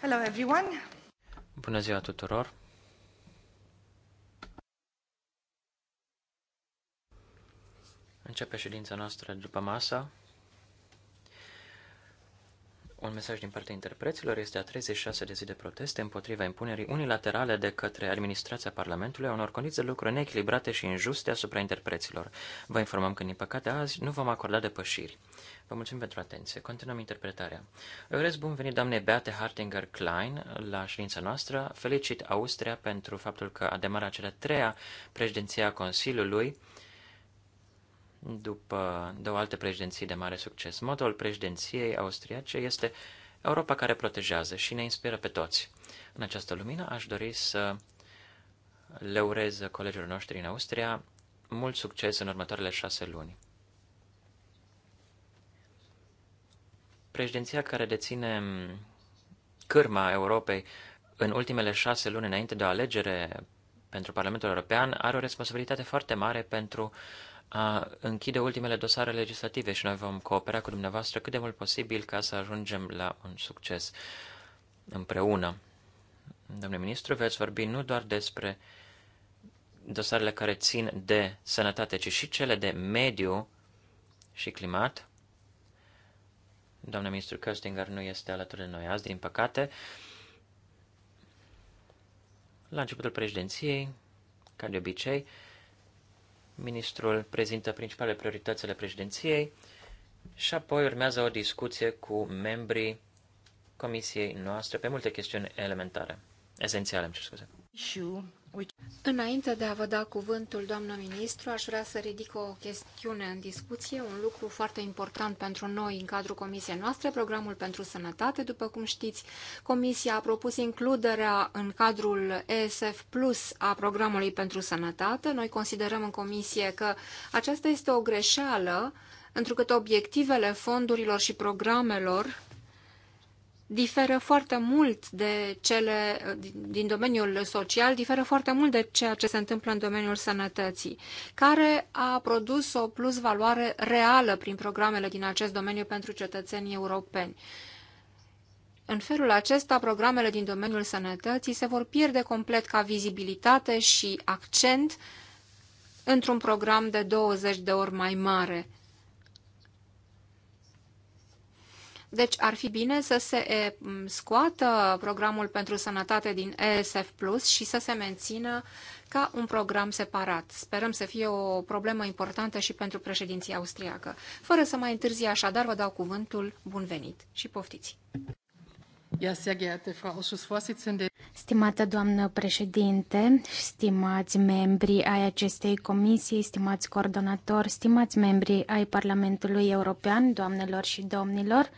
Hello everyone. Bună ziua tuturor. Începe ședința noastră după masă. Un mesaj din partea interpreților este a 36 de zi de proteste împotriva impunerii unilaterale de către administrația Parlamentului a unor condiții de lucru neechilibrate și injuste asupra interpreților. Vă informăm că, din păcate, azi nu vom acorda depășiri. Vă mulțumim pentru atenție. Continuăm interpretarea. Eu urez bun venit doamne Beate Hartinger Klein la ședința noastră. Felicit Austria pentru faptul că a demarat cea a treia președinție a Consiliului după două alte președinții de mare succes. Motul președinției austriace este Europa care protejează și ne inspiră pe toți. În această lumină aș dori să le urez colegilor noștri în Austria mult succes în următoarele șase luni. Președinția care deține cârma Europei în ultimele șase luni înainte de o alegere pentru Parlamentul European are o responsabilitate foarte mare pentru uh, a închide ultimele dosare legislative și noi vom coopera cu dumneavoastră cât de mult posibil ca să ajungem la un succes împreună. Domnule ministru, veți vorbi nu doar despre dosarele care țin de sănătate, ci și cele de mediu și climat. Doamna ministru Köstinger nu este alături de noi azi, din păcate. La începutul președinției, ca de obicei, Ministrul prezintă principalele priorități ale președinției și apoi urmează o discuție cu membrii comisiei noastre pe multe chestiuni elementare, esențiale, îmi cer scuze. Înainte de a vă da cuvântul, doamnă ministru, aș vrea să ridic o chestiune în discuție, un lucru foarte important pentru noi în cadrul comisiei noastre, programul pentru sănătate. După cum știți, comisia a propus includerea în cadrul ESF Plus a programului pentru sănătate. Noi considerăm în comisie că aceasta este o greșeală, întrucât obiectivele fondurilor și programelor diferă foarte mult de cele din domeniul social, diferă foarte mult de ceea ce se întâmplă în domeniul sănătății, care a produs o plus valoare reală prin programele din acest domeniu pentru cetățenii europeni. În felul acesta, programele din domeniul sănătății se vor pierde complet ca vizibilitate și accent într-un program de 20 de ori mai mare. Deci ar fi bine să se scoată programul pentru sănătate din ESF Plus și să se mențină ca un program separat. Sperăm să fie o problemă importantă și pentru președinția austriacă. Fără să mai întârzi așadar, vă dau cuvântul bun venit și poftiți! Stimată doamnă președinte, stimați membri ai acestei comisii, stimați coordonatori, stimați membri ai Parlamentului European, doamnelor și domnilor,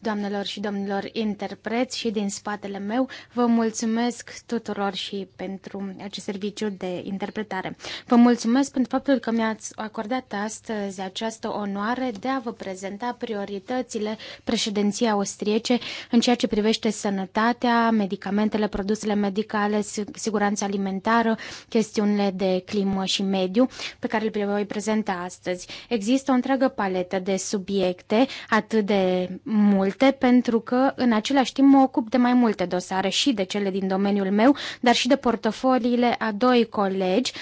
doamnelor și domnilor interpreți și din spatele meu, vă mulțumesc tuturor și pentru acest serviciu de interpretare. Vă mulțumesc pentru faptul că mi-ați acordat astăzi această onoare de a vă prezenta prioritățile președinției austriece în ceea ce privește privește sănătatea, medicamentele, produsele medicale, siguranța alimentară, chestiunile de climă și mediu, pe care le voi prezenta astăzi. Există o întreagă paletă de subiecte, atât de multe, pentru că în același timp mă ocup de mai multe dosare și de cele din domeniul meu, dar și de portofoliile a doi colegi,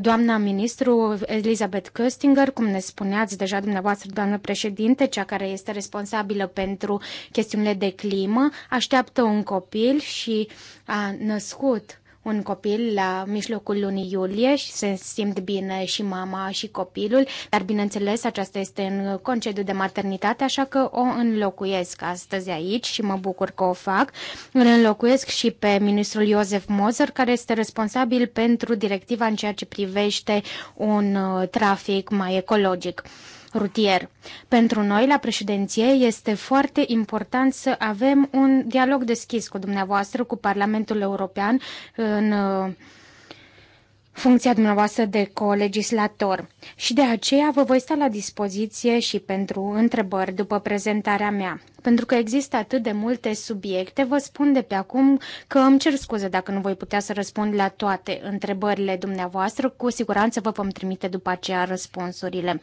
Doamna ministru Elizabeth Köstinger, cum ne spuneați deja dumneavoastră, doamnă președinte, cea care este responsabilă pentru chestiunile de climă, așteaptă un copil și a născut un copil la mijlocul lunii iulie și se simt bine și mama și copilul, dar bineînțeles aceasta este în concediu de maternitate, așa că o înlocuiesc astăzi aici și mă bucur că o fac. Îl înlocuiesc și pe ministrul Iosef Moser, care este responsabil pentru directiva în ceea ce privește un uh, trafic mai ecologic rutier. Pentru noi, la președinție, este foarte important să avem un dialog deschis cu dumneavoastră, cu Parlamentul European, în funcția dumneavoastră de colegislator și de aceea vă voi sta la dispoziție și pentru întrebări după prezentarea mea. Pentru că există atât de multe subiecte, vă spun de pe acum că îmi cer scuze dacă nu voi putea să răspund la toate întrebările dumneavoastră, cu siguranță vă vom trimite după aceea răspunsurile.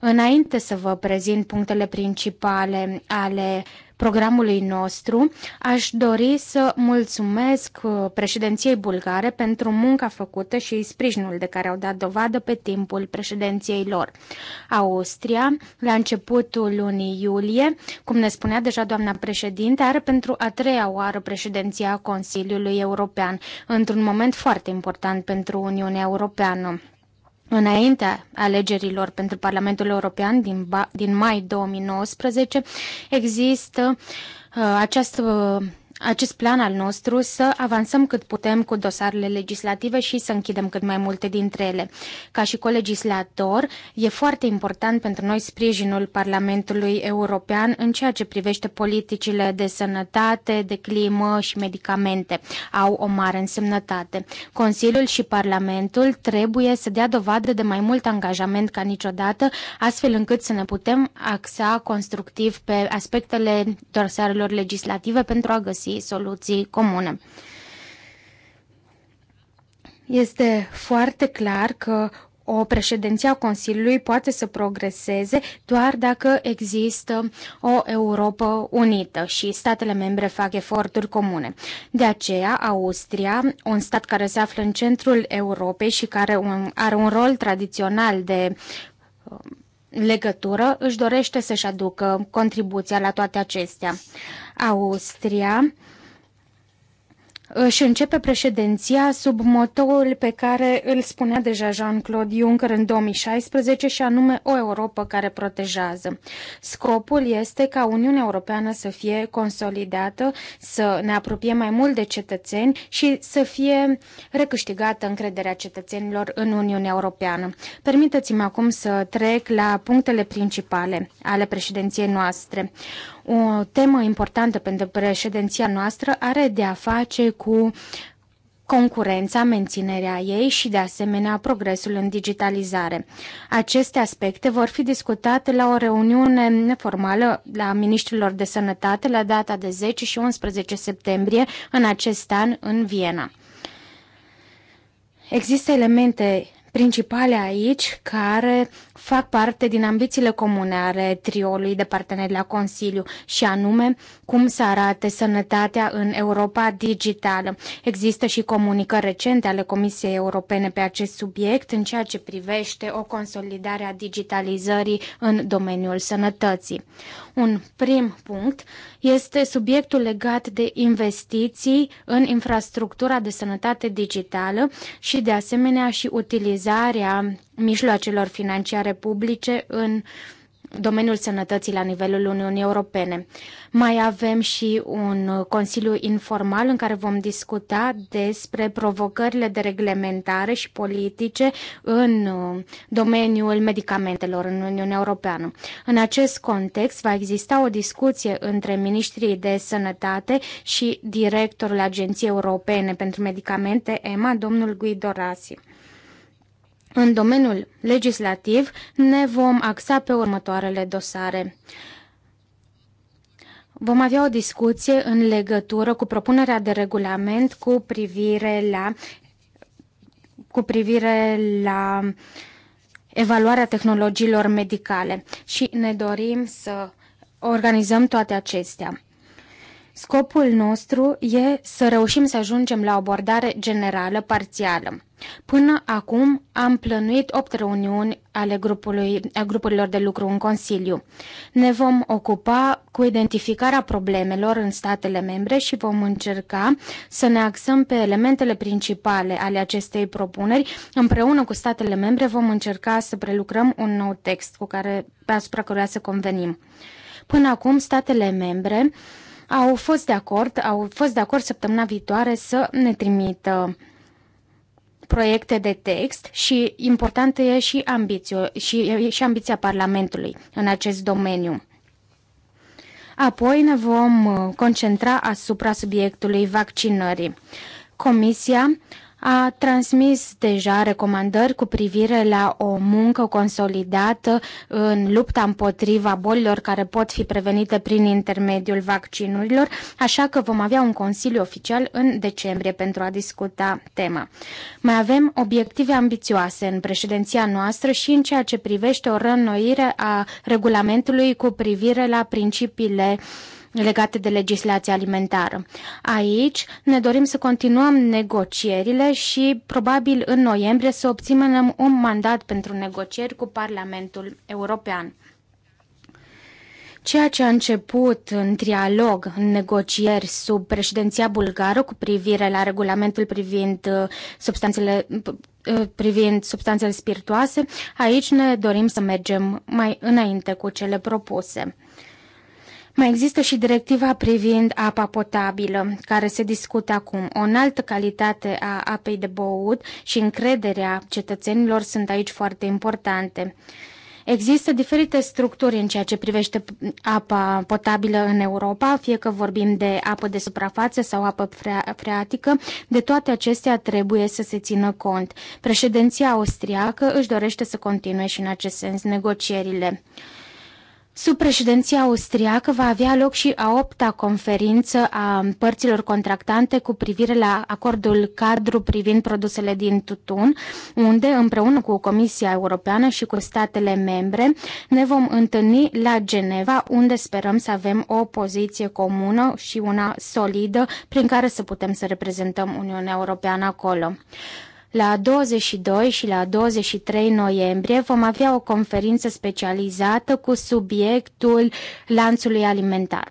Înainte să vă prezint punctele principale ale programului nostru, aș dori să mulțumesc uh, președinției bulgare pentru munca făcută și sprijinul de care au dat dovadă pe timpul președinției lor. Austria, la începutul lunii iulie, cum ne spunea deja doamna președinte, are pentru a treia oară președinția Consiliului European, într-un moment foarte important pentru Uniunea Europeană. Înaintea alegerilor pentru Parlamentul European din, din mai 2019 există uh, această uh, acest plan al nostru să avansăm cât putem cu dosarele legislative și să închidem cât mai multe dintre ele. Ca și colegislator, e foarte important pentru noi sprijinul Parlamentului European în ceea ce privește politicile de sănătate, de climă și medicamente. Au o mare însemnătate. Consiliul și Parlamentul trebuie să dea dovadă de mai mult angajament ca niciodată, astfel încât să ne putem axa constructiv pe aspectele dosarelor legislative pentru a găsi găsi soluții comune. Este foarte clar că o președinție a Consiliului poate să progreseze doar dacă există o Europa unită și statele membre fac eforturi comune. De aceea, Austria, un stat care se află în centrul Europei și care un, are un rol tradițional de um, legătură, își dorește să-și aducă contribuția la toate acestea. Austria își începe președinția sub motoul pe care îl spunea deja Jean-Claude Juncker în 2016 și anume o Europa care protejează. Scopul este ca Uniunea Europeană să fie consolidată, să ne apropie mai mult de cetățeni și să fie recâștigată încrederea cetățenilor în Uniunea Europeană. Permiteți-mi acum să trec la punctele principale ale președinției noastre. O temă importantă pentru președinția noastră are de a face cu concurența, menținerea ei și, de asemenea, progresul în digitalizare. Aceste aspecte vor fi discutate la o reuniune neformală la ministrilor de sănătate la data de 10 și 11 septembrie în acest an în Viena. Există elemente principale aici care fac parte din ambițiile comune ale triului de parteneri la Consiliu și anume cum să arate sănătatea în Europa digitală. Există și comunicări recente ale Comisiei Europene pe acest subiect în ceea ce privește o consolidare a digitalizării în domeniul sănătății. Un prim punct este subiectul legat de investiții în infrastructura de sănătate digitală și de asemenea și utilizarea utilizarea mijloacelor financiare publice în domeniul sănătății la nivelul Uniunii Europene. Mai avem și un consiliu informal în care vom discuta despre provocările de reglementare și politice în domeniul medicamentelor în Uniunea Europeană. În acest context va exista o discuție între ministrii de sănătate și directorul Agenției Europene pentru Medicamente, EMA, domnul Guido Rasi. În domeniul legislativ ne vom axa pe următoarele dosare. Vom avea o discuție în legătură cu propunerea de regulament cu privire la cu privire la evaluarea tehnologiilor medicale și ne dorim să organizăm toate acestea. Scopul nostru e să reușim să ajungem la o abordare generală parțială. Până acum am plănuit opt reuniuni ale grupului, a grupurilor de lucru în Consiliu. Ne vom ocupa cu identificarea problemelor în statele membre și vom încerca să ne axăm pe elementele principale ale acestei propuneri. Împreună cu statele membre vom încerca să prelucrăm un nou text cu care, asupra căruia să convenim. Până acum, statele membre uh, au fost de acord, au fost de acord săptămâna viitoare să ne trimită proiecte de text și importantă e și, ambițio, și, și ambiția Parlamentului în acest domeniu. Apoi ne vom uh, concentra asupra subiectului vaccinării. Comisia a transmis deja recomandări cu privire la o muncă consolidată în lupta împotriva bolilor care pot fi prevenite prin intermediul vaccinurilor, așa că vom avea un consiliu oficial în decembrie pentru a discuta tema. Mai avem obiective ambițioase în președinția noastră și în ceea ce privește o rănoire a regulamentului cu privire la principiile uh, legate de legislația alimentară. Aici ne dorim să continuăm negocierile și probabil în noiembrie să obținem un mandat pentru negocieri cu Parlamentul European. Ceea ce a început în trialog, în negocieri sub președinția bulgară cu privire la regulamentul privind uh, substanțele uh, privind substanțele spiritoase, aici ne dorim să mergem mai înainte cu cele propuse. Mai există și directiva privind apa potabilă, care se discută acum. O înaltă calitate a apei de băut și încrederea cetățenilor sunt aici foarte importante. Există diferite structuri în ceea ce privește apa potabilă în Europa, fie că vorbim de apă de suprafață sau apă freatică, de toate acestea trebuie să se țină cont. Președinția austriacă își dorește să continue și în acest sens negocierile. Sub președinția austriacă va avea loc și a opta conferință a părților contractante cu privire la acordul cadru privind produsele din tutun, unde împreună cu Comisia Europeană și cu statele membre ne vom întâlni la Geneva, unde sperăm să avem o poziție comună și una solidă prin care să putem să reprezentăm Uniunea Europeană acolo. La 22 și la 23 noiembrie vom avea o conferință specializată cu subiectul lanțului alimentar.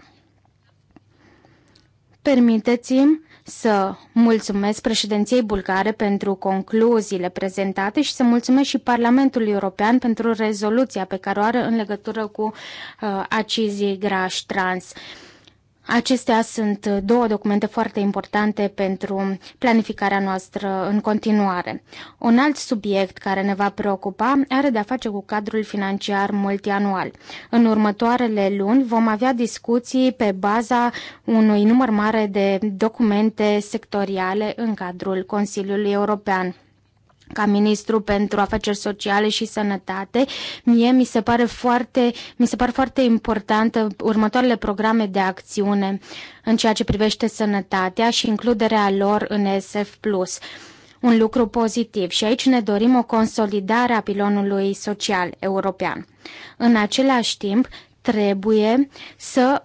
Permiteți-mi să mulțumesc președinției bulgare pentru concluziile prezentate și să mulțumesc și Parlamentului European pentru rezoluția pe care o are în legătură cu uh, acizii grași trans. Uh, Acestea sunt două documente foarte importante pentru planificarea noastră în continuare. Un alt subiect care ne va preocupa are de-a face cu cadrul financiar multianual. În următoarele luni vom avea discuții pe baza unui număr mare de documente sectoriale în cadrul Consiliului European ca ministru pentru afaceri sociale și sănătate, mie mi se pare foarte, mi se pare foarte importantă următoarele programe de acțiune în ceea ce privește sănătatea și includerea lor în Plus, un lucru pozitiv și aici ne dorim o consolidare a pilonului social european. În același timp, trebuie să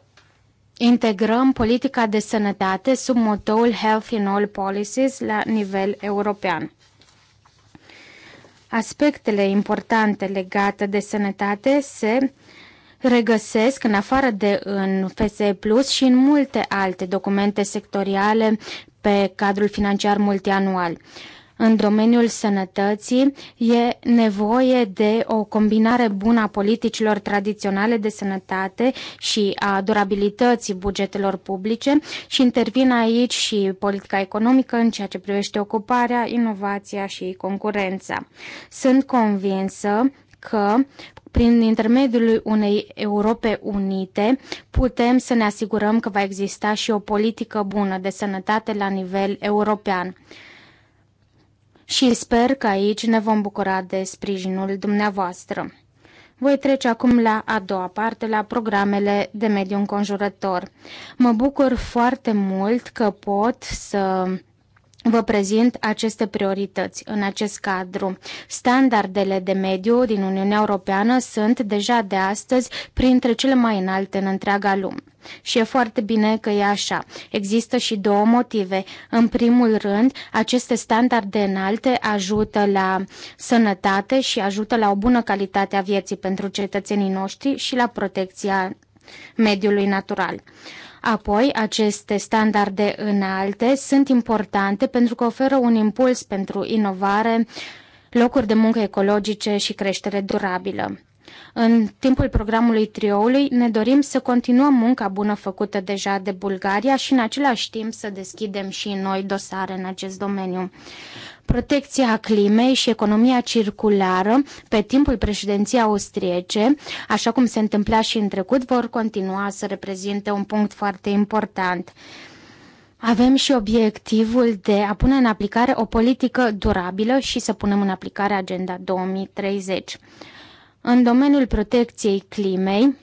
integrăm politica de sănătate sub motoul Health in All Policies la nivel european aspectele importante legate de sănătate se regăsesc în afară de în FSE Plus și în multe alte documente sectoriale pe cadrul financiar multianual în domeniul sănătății e nevoie de o combinare bună a politicilor tradiționale de sănătate și a durabilității bugetelor publice și intervin aici și politica economică în ceea ce privește ocuparea, inovația și concurența. Sunt convinsă că prin intermediul unei Europe unite putem să ne asigurăm că va exista și o politică bună de sănătate la nivel european și sper că aici ne vom bucura de sprijinul dumneavoastră. Voi trece acum la a doua parte, la programele de mediu înconjurător. Mă bucur foarte mult că pot să Vă prezint aceste priorități în acest cadru. Standardele de mediu din Uniunea Europeană sunt deja de astăzi printre cele mai înalte în întreaga lume. Și e foarte bine că e așa. Există și două motive. În primul rând, aceste standarde înalte ajută la sănătate și ajută la o bună calitate a vieții pentru cetățenii noștri și la protecția mediului natural. Apoi, aceste standarde înalte sunt importante pentru că oferă un impuls pentru inovare, locuri de muncă ecologice și creștere durabilă. În timpul programului trioului ne dorim să continuăm munca bună făcută deja de Bulgaria și în același timp să deschidem și noi dosare în acest domeniu. Protecția climei și economia circulară pe timpul președinției austriece, așa cum se întâmpla și în trecut, vor continua să reprezinte un punct foarte important. Avem și obiectivul de a pune în aplicare o politică durabilă și să punem în aplicare Agenda 2030. În domeniul protecției climei,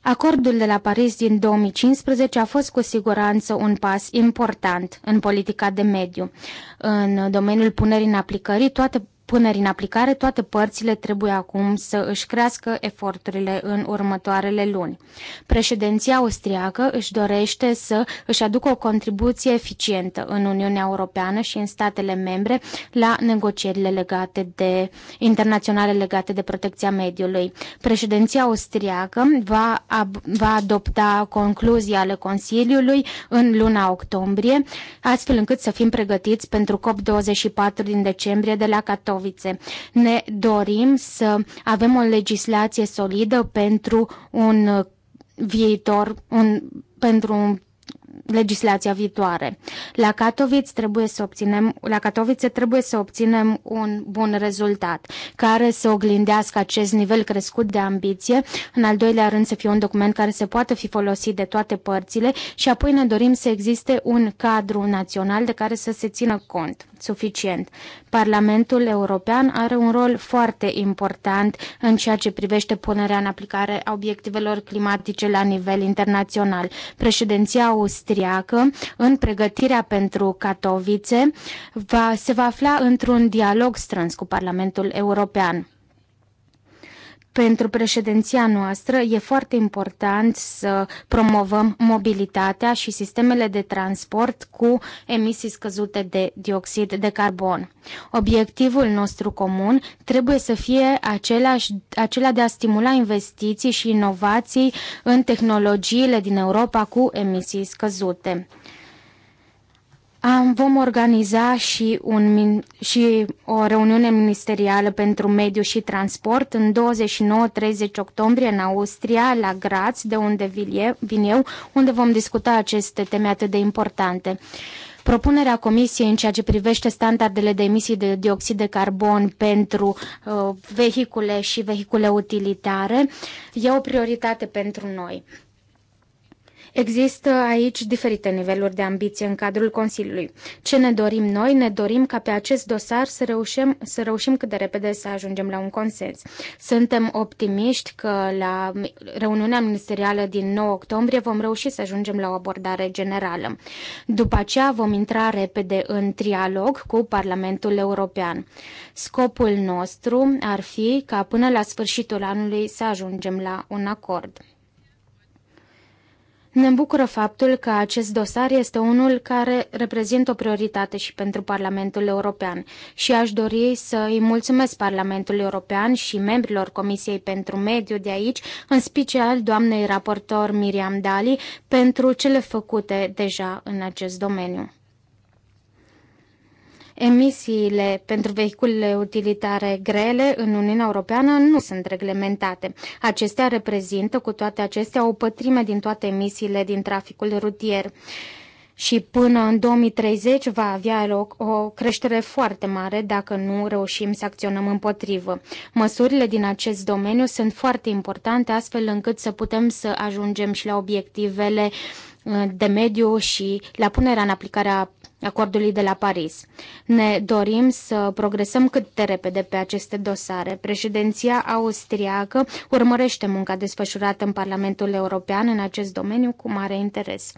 Acordul de la Paris din 2015 a fost cu siguranță un pas important în politica de mediu. În domeniul punerii în aplicării, toate puneri în aplicare, toate părțile trebuie acum să își crească eforturile în următoarele luni. Președinția austriacă își dorește să își aducă o contribuție eficientă în Uniunea Europeană și în statele membre la negocierile legate de internaționale legate de protecția mediului. Președinția austriacă va, ab, va adopta concluzii ale Consiliului în luna octombrie, astfel încât să fim pregătiți pentru COP24 din decembrie de la 14. Mitrovice. Ne dorim să avem o legislație solidă pentru un uh, viitor, un, pentru un legislația viitoare. La Katowice trebuie să obținem, la Katowice trebuie să obținem un bun rezultat care să oglindească acest nivel crescut de ambiție, în al doilea rând să fie un document care se poate fi folosit de toate părțile și apoi ne dorim să existe un cadru național de care să se țină cont suficient. Parlamentul European are un rol foarte important în ceea ce privește punerea în aplicare a obiectivelor climatice la nivel internațional. Președinția austriacă austriacă în pregătirea pentru Katowice va, se va afla într-un dialog strâns cu Parlamentul European. Pentru președinția noastră e foarte important să promovăm mobilitatea și sistemele de transport cu emisii scăzute de dioxid de carbon. Obiectivul nostru comun trebuie să fie același, acela de a stimula investiții și inovații în tehnologiile din Europa cu emisii scăzute. Am, vom organiza și, un, și o reuniune ministerială pentru mediu și transport în 29-30 octombrie în Austria, la Graz, de unde vin eu, unde vom discuta aceste teme atât de importante. Propunerea Comisiei în ceea ce privește standardele de emisii de dioxid de carbon pentru uh, vehicule și vehicule utilitare e o prioritate pentru noi. Există aici diferite niveluri de ambiție în cadrul Consiliului. Ce ne dorim noi? Ne dorim ca pe acest dosar să reușim, să reușim cât de repede să ajungem la un consens. Suntem optimiști că la reuniunea ministerială din 9 octombrie vom reuși să ajungem la o abordare generală. După aceea vom intra repede în trialog cu Parlamentul European. Scopul nostru ar fi ca până la sfârșitul anului să ajungem la un acord. Ne bucură faptul că acest dosar este unul care reprezintă o prioritate și pentru Parlamentul European și aș dori să îi mulțumesc Parlamentului European și membrilor Comisiei pentru Mediu de aici, în special doamnei raportor Miriam Dali, pentru cele făcute deja în acest domeniu. Emisiile pentru vehiculele utilitare grele în Uniunea Europeană nu sunt reglementate. Acestea reprezintă cu toate acestea o pătrime din toate emisiile din traficul rutier și până în 2030 va avea loc o creștere foarte mare dacă nu reușim să acționăm împotrivă. Măsurile din acest domeniu sunt foarte importante astfel încât să putem să ajungem și la obiectivele uh, de mediu și la punerea în aplicare a acordului de la Paris. Ne dorim să progresăm cât de repede pe aceste dosare. Președinția austriacă urmărește munca desfășurată în Parlamentul European în acest domeniu cu mare interes.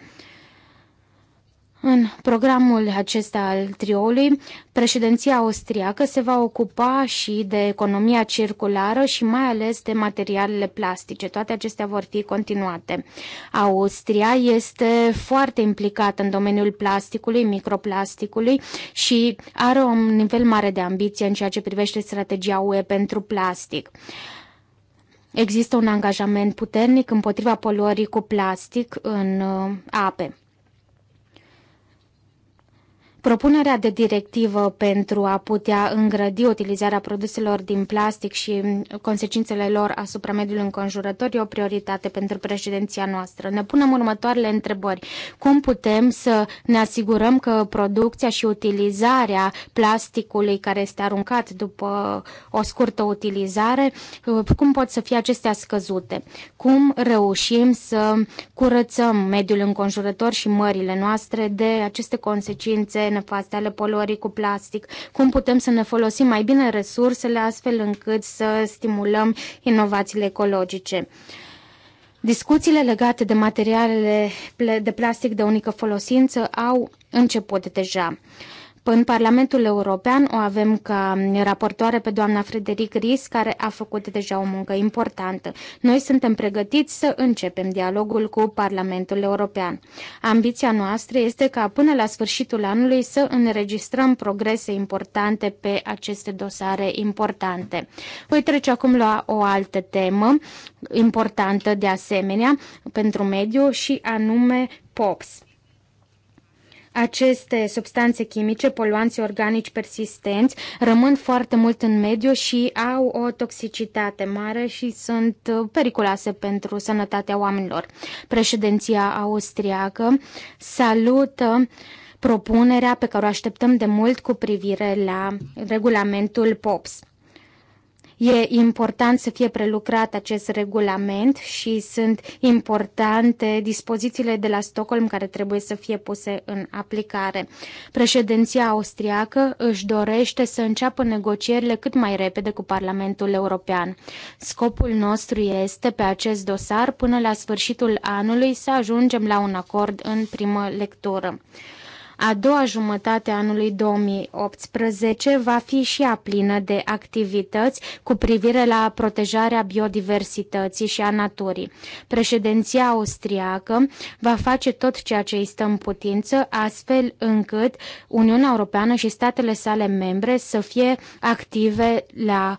În programul acesta al trioului, președinția austriacă se va ocupa și de economia circulară și mai ales de materialele plastice. Toate acestea vor fi continuate. Austria este foarte implicată în domeniul plasticului, microplasticului și are un nivel mare de ambiție în ceea ce privește strategia UE pentru plastic. Există un angajament puternic împotriva poluării cu plastic în uh, ape. Propunerea de directivă pentru a putea îngrădi utilizarea produselor din plastic și consecințele lor asupra mediului înconjurător e o prioritate pentru președinția noastră. Ne punem următoarele întrebări. Cum putem să ne asigurăm că producția și utilizarea plasticului care este aruncat după o scurtă utilizare, cum pot să fie acestea scăzute? Cum reușim să curățăm mediul înconjurător și mările noastre de aceste consecințe nefaste ale poluării cu plastic, cum putem să ne folosim mai bine resursele astfel încât să stimulăm inovațiile ecologice. Discuțiile legate de materialele de plastic de unică folosință au început deja. În Parlamentul European o avem ca raportoare pe doamna Frederic Ries, care a făcut deja o muncă importantă. Noi suntem pregătiți să începem dialogul cu Parlamentul European. Ambiția noastră este ca până la sfârșitul anului să înregistrăm progrese importante pe aceste dosare importante. Voi trece acum la o altă temă importantă de asemenea pentru mediu și anume POPS aceste substanțe chimice, poluanți organici persistenți, rămân foarte mult în mediu și au o toxicitate mare și sunt uh, periculoase pentru sănătatea oamenilor. Președinția austriacă salută propunerea pe care o așteptăm de mult cu privire la regulamentul POPS. E important să fie prelucrat acest regulament și sunt importante dispozițiile de la Stockholm care trebuie să fie puse în aplicare. Președinția austriacă își dorește să înceapă negocierile cât mai repede cu Parlamentul European. Scopul nostru este pe acest dosar până la sfârșitul anului să ajungem la un acord în primă lectură. A doua jumătate a anului 2018 va fi și ea plină de activități cu privire la protejarea biodiversității și a naturii. Președinția austriacă va face tot ceea ce îi stă în putință, astfel încât Uniunea Europeană și statele sale membre să fie active la,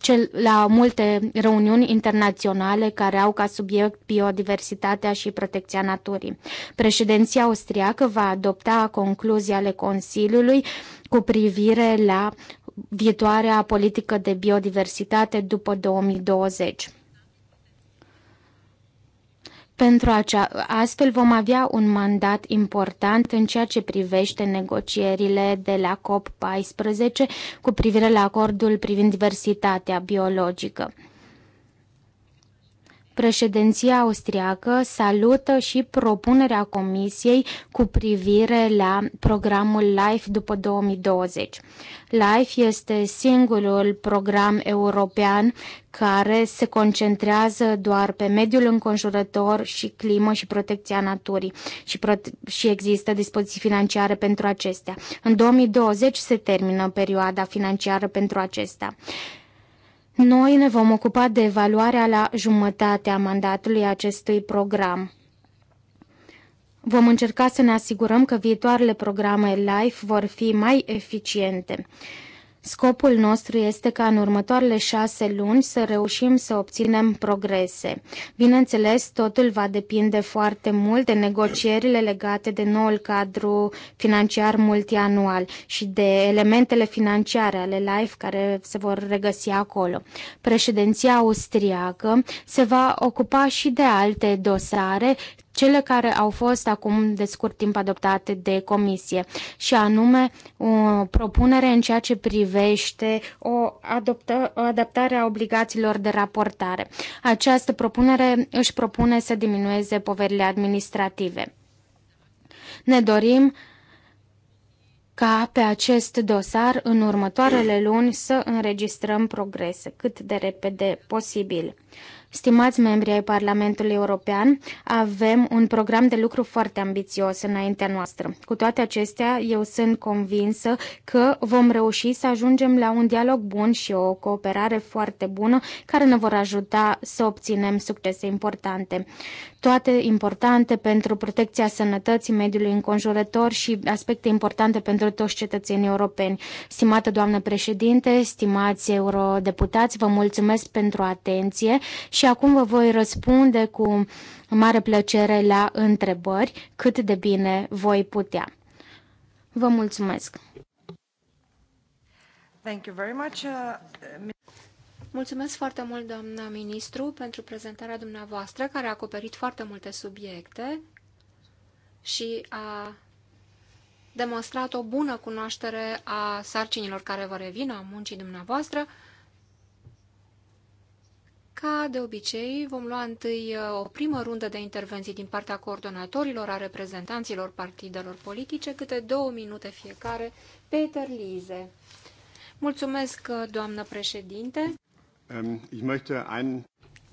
cel, la multe reuniuni internaționale care au ca subiect biodiversitatea și protecția naturii. Președinția austriacă va adopta concluzii ale Consiliului cu privire la viitoarea politică de biodiversitate după 2020. Pentru acea, astfel vom avea un mandat important în ceea ce privește negocierile de la COP14 cu privire la acordul privind diversitatea biologică. Președinția austriacă salută și propunerea Comisiei cu privire la programul LIFE după 2020. LIFE este singurul program european care se concentrează doar pe mediul înconjurător și climă și protecția naturii și, prote- și există dispoziții financiare pentru acestea. În 2020 se termină perioada financiară pentru acestea. Noi ne vom ocupa de evaluarea la jumătatea mandatului acestui program. Vom încerca să ne asigurăm că viitoarele programe LIFE vor fi mai eficiente. Scopul nostru este ca în următoarele șase luni să reușim să obținem progrese. Bineînțeles, totul va depinde foarte mult de negocierile legate de noul cadru financiar multianual și de elementele financiare ale LIFE care se vor regăsi acolo. Președinția austriacă se va ocupa și de alte dosare cele care au fost acum de scurt timp adoptate de comisie și anume o propunere în ceea ce privește o, adoptă, o adaptare a obligațiilor de raportare. Această propunere își propune să diminueze poverile administrative. Ne dorim ca pe acest dosar în următoarele luni să înregistrăm progrese cât de repede posibil. Stimați membri ai Parlamentului European, avem un program de lucru foarte ambițios înaintea noastră. Cu toate acestea, eu sunt convinsă că vom reuși să ajungem la un dialog bun și o cooperare foarte bună care ne vor ajuta să obținem succese importante toate importante pentru protecția sănătății mediului înconjurător și aspecte importante pentru toți cetățenii europeni. Stimată doamnă președinte, stimați eurodeputați, vă mulțumesc pentru atenție și acum vă voi răspunde cu mare plăcere la întrebări cât de bine voi putea. Vă mulțumesc! Thank you very much, uh, Mulțumesc foarte mult, doamna ministru, pentru prezentarea dumneavoastră, care a acoperit foarte multe subiecte și a demonstrat o bună cunoaștere a sarcinilor care vă revin, a muncii dumneavoastră. Ca de obicei, vom lua întâi uh, o primă rundă de intervenții din partea coordonatorilor, a reprezentanților partidelor politice, câte două minute fiecare. Peter Lize. Mulțumesc, uh, doamnă președinte. Ehm,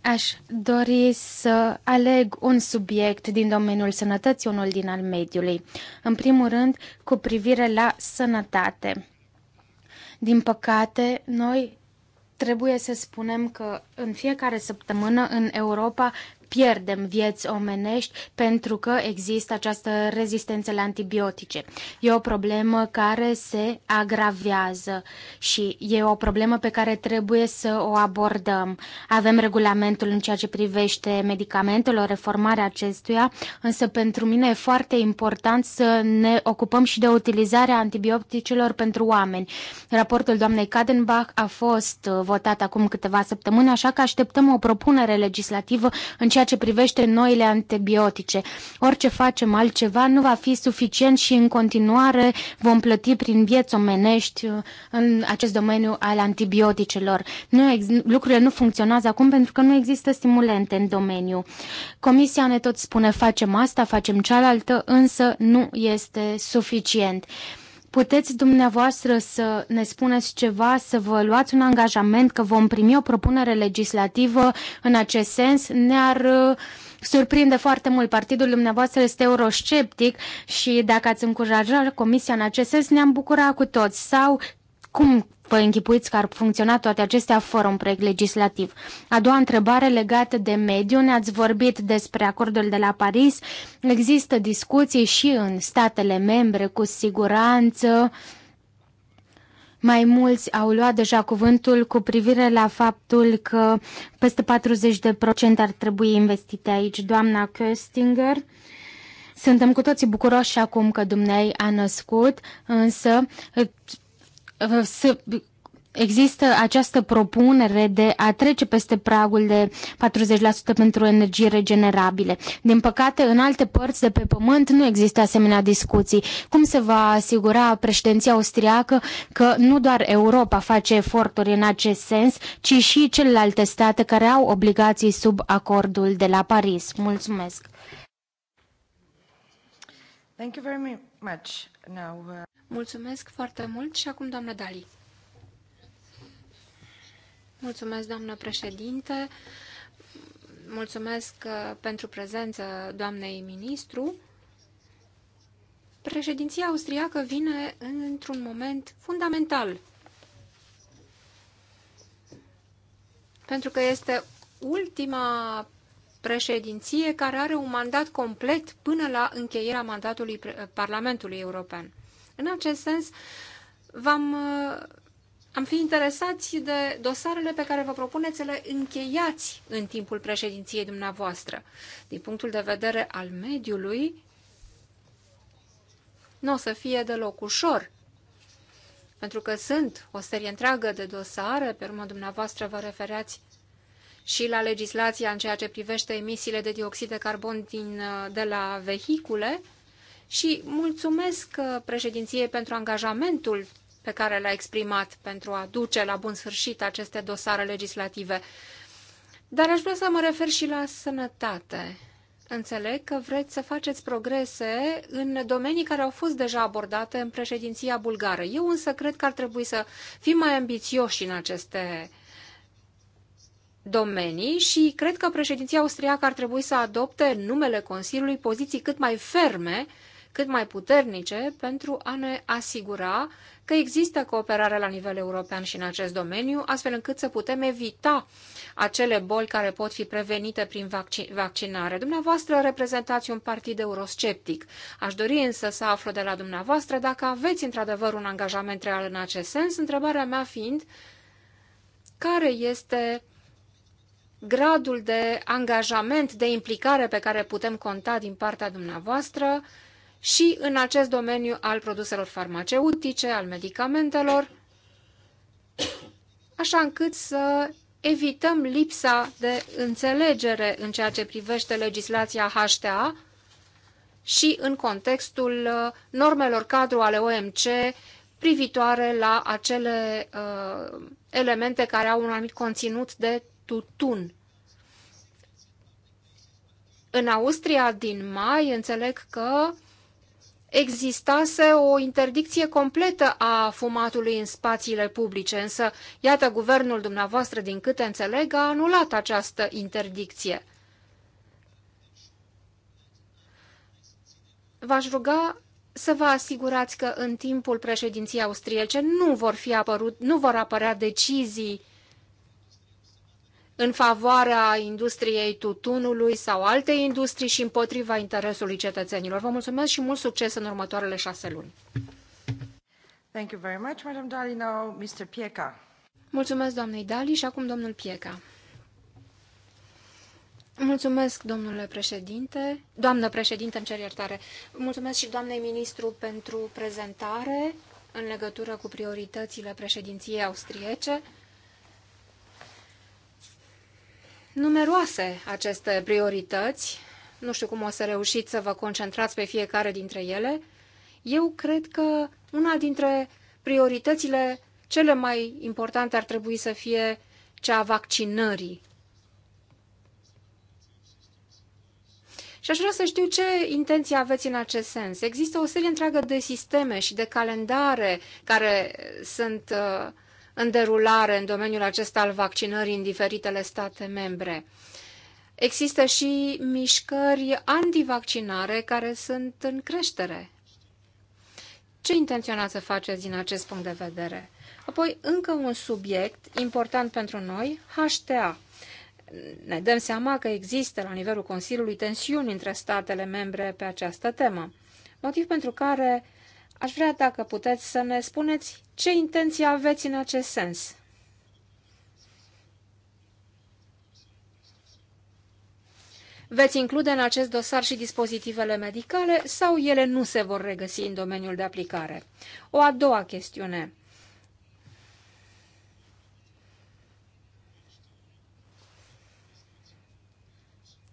Aș dori să aleg un subiect din domeniul sănătății, unul din al mediului. În primul rând, cu privire la sănătate. Din păcate, noi trebuie să spunem că în fiecare săptămână în Europa pierdem vieți omenești pentru că există această rezistență la antibiotice. E o problemă care se agravează și e o problemă pe care trebuie să o abordăm. Avem regulamentul în ceea ce privește medicamentele, reformarea acestuia, însă pentru mine e foarte important să ne ocupăm și de utilizarea antibioticelor pentru oameni. Raportul doamnei Kadenbach a fost votat acum câteva săptămâni, așa că așteptăm o propunere legislativă în ceea ceea ce privește noile antibiotice. Orice facem altceva nu va fi suficient și în continuare vom plăti prin vieți omenești uh, în acest domeniu al antibioticelor. Nu lucrurile nu funcționează acum pentru că nu există stimulente în domeniu. Comisia ne tot spune facem asta, facem cealaltă, însă nu este suficient. Puteți dumneavoastră să ne spuneți ceva, să vă luați un angajament că vom primi o propunere legislativă în acest sens? Ne-ar uh, surprinde foarte mult. Partidul dumneavoastră este eurosceptic și dacă ați încurajat Comisia în acest sens, ne-am bucurat cu toți. Sau cum vă închipuiți că ar funcționa toate acestea fără un proiect legislativ? A doua întrebare legată de mediu. Ne-ați vorbit despre acordul de la Paris. Există discuții și în statele membre cu siguranță. Mai mulți au luat deja cuvântul cu privire la faptul că peste 40% ar trebui investite aici. Doamna Köstinger, suntem cu toții bucuroși acum că dumneai a născut, însă să există această propunere de a trece peste pragul de 40% pentru energii regenerabile. Din păcate, în alte părți de pe pământ nu există asemenea discuții. Cum se va asigura președinția austriacă că nu doar Europa face eforturi în acest sens, ci și celelalte state care au obligații sub acordul de la Paris? Mulțumesc! Thank you very much. Now, uh... Mulțumesc foarte mult și acum doamna Dali. Mulțumesc, doamnă președinte. Mulțumesc uh, pentru prezență doamnei ministru. Președinția austriacă vine într-un moment fundamental. Pentru că este ultima președinție care are un mandat complet până la încheierea mandatului Parlamentului European. În acest sens, v-am uh, am fi interesați de dosarele pe care vă propuneți să le încheiați în timpul președinției dumneavoastră. Din punctul de vedere al mediului, nu o să fie deloc ușor, pentru că sunt o serie întreagă de dosare, pe urmă dumneavoastră vă refereați și la legislația în ceea ce privește emisiile de dioxid de carbon din, uh, de la vehicule și mulțumesc uh, președinției pentru angajamentul pe care l-a exprimat pentru a duce la bun sfârșit aceste dosare legislative. Dar aș vrea să mă refer și la sănătate. Înțeleg că vreți să faceți progrese în domenii care au fost deja abordate în președinția bulgară. Eu însă cred că ar trebui să fim mai ambițioși în aceste domenii și cred că președinția austriacă ar trebui să adopte în numele Consiliului poziții cât mai ferme, cât mai puternice, pentru a ne asigura că există cooperare la nivel european și în acest domeniu, astfel încât să putem evita acele boli care pot fi prevenite prin vaccin vaccinare. Dumneavoastră reprezentați un partid eurosceptic. Aș dori însă să aflu de la dumneavoastră dacă aveți într-adevăr un angajament real în acest sens, întrebarea mea fiind care este uh, gradul de angajament, de implicare pe care putem conta din partea dumneavoastră și în acest domeniu al produselor farmaceutice, al medicamentelor, așa încât să evităm lipsa de înțelegere în ceea ce privește legislația HTA și în contextul uh, normelor cadru ale OMC privitoare la acele uh, elemente care au un anumit conținut de tutun. În Austria din mai înțeleg că existase o interdicție completă a fumatului în spațiile publice, însă, iată, guvernul dumneavoastră, din câte înțeleg, a anulat această interdicție. V-aș ruga să vă asigurați că în timpul președinției austriece nu vor, fi apărut, nu vor apărea decizii în favoarea industriei tutunului sau alte industrii și împotriva interesului cetățenilor. Vă mulțumesc și mult succes în următoarele șase luni. Thank you very much, Madam Dali. Now, Mr. Pieca. Mulțumesc, doamnei Dali, și acum domnul Pieca. Mulțumesc, domnule președinte. Doamnă președinte, îmi cer iertare. Mulțumesc și doamnei ministru pentru prezentare în legătură cu prioritățile președinției austriece. numeroase aceste priorități. Nu știu cum o să reușiți să vă concentrați pe fiecare dintre ele. Eu cred că una dintre prioritățile cele mai importante ar trebui să fie cea a vaccinării. Și aș vrea să știu ce intenție aveți în acest sens. Există o serie întreagă de sisteme și de calendare care sunt uh, în derulare în domeniul acesta al vaccinării în diferitele state membre. Există și mișcări antivaccinare care sunt în creștere. Ce intenționați să faceți din acest punct de vedere? Apoi, încă un subiect important pentru noi, HTA. Ne dăm seama că există la nivelul Consiliului tensiuni între statele membre pe această temă, motiv pentru care Aș vrea, dacă puteți, să ne spuneți ce intenții aveți în acest sens. Veți include în acest dosar și dispozitivele medicale sau ele nu se vor regăsi în domeniul de aplicare? O a doua chestiune.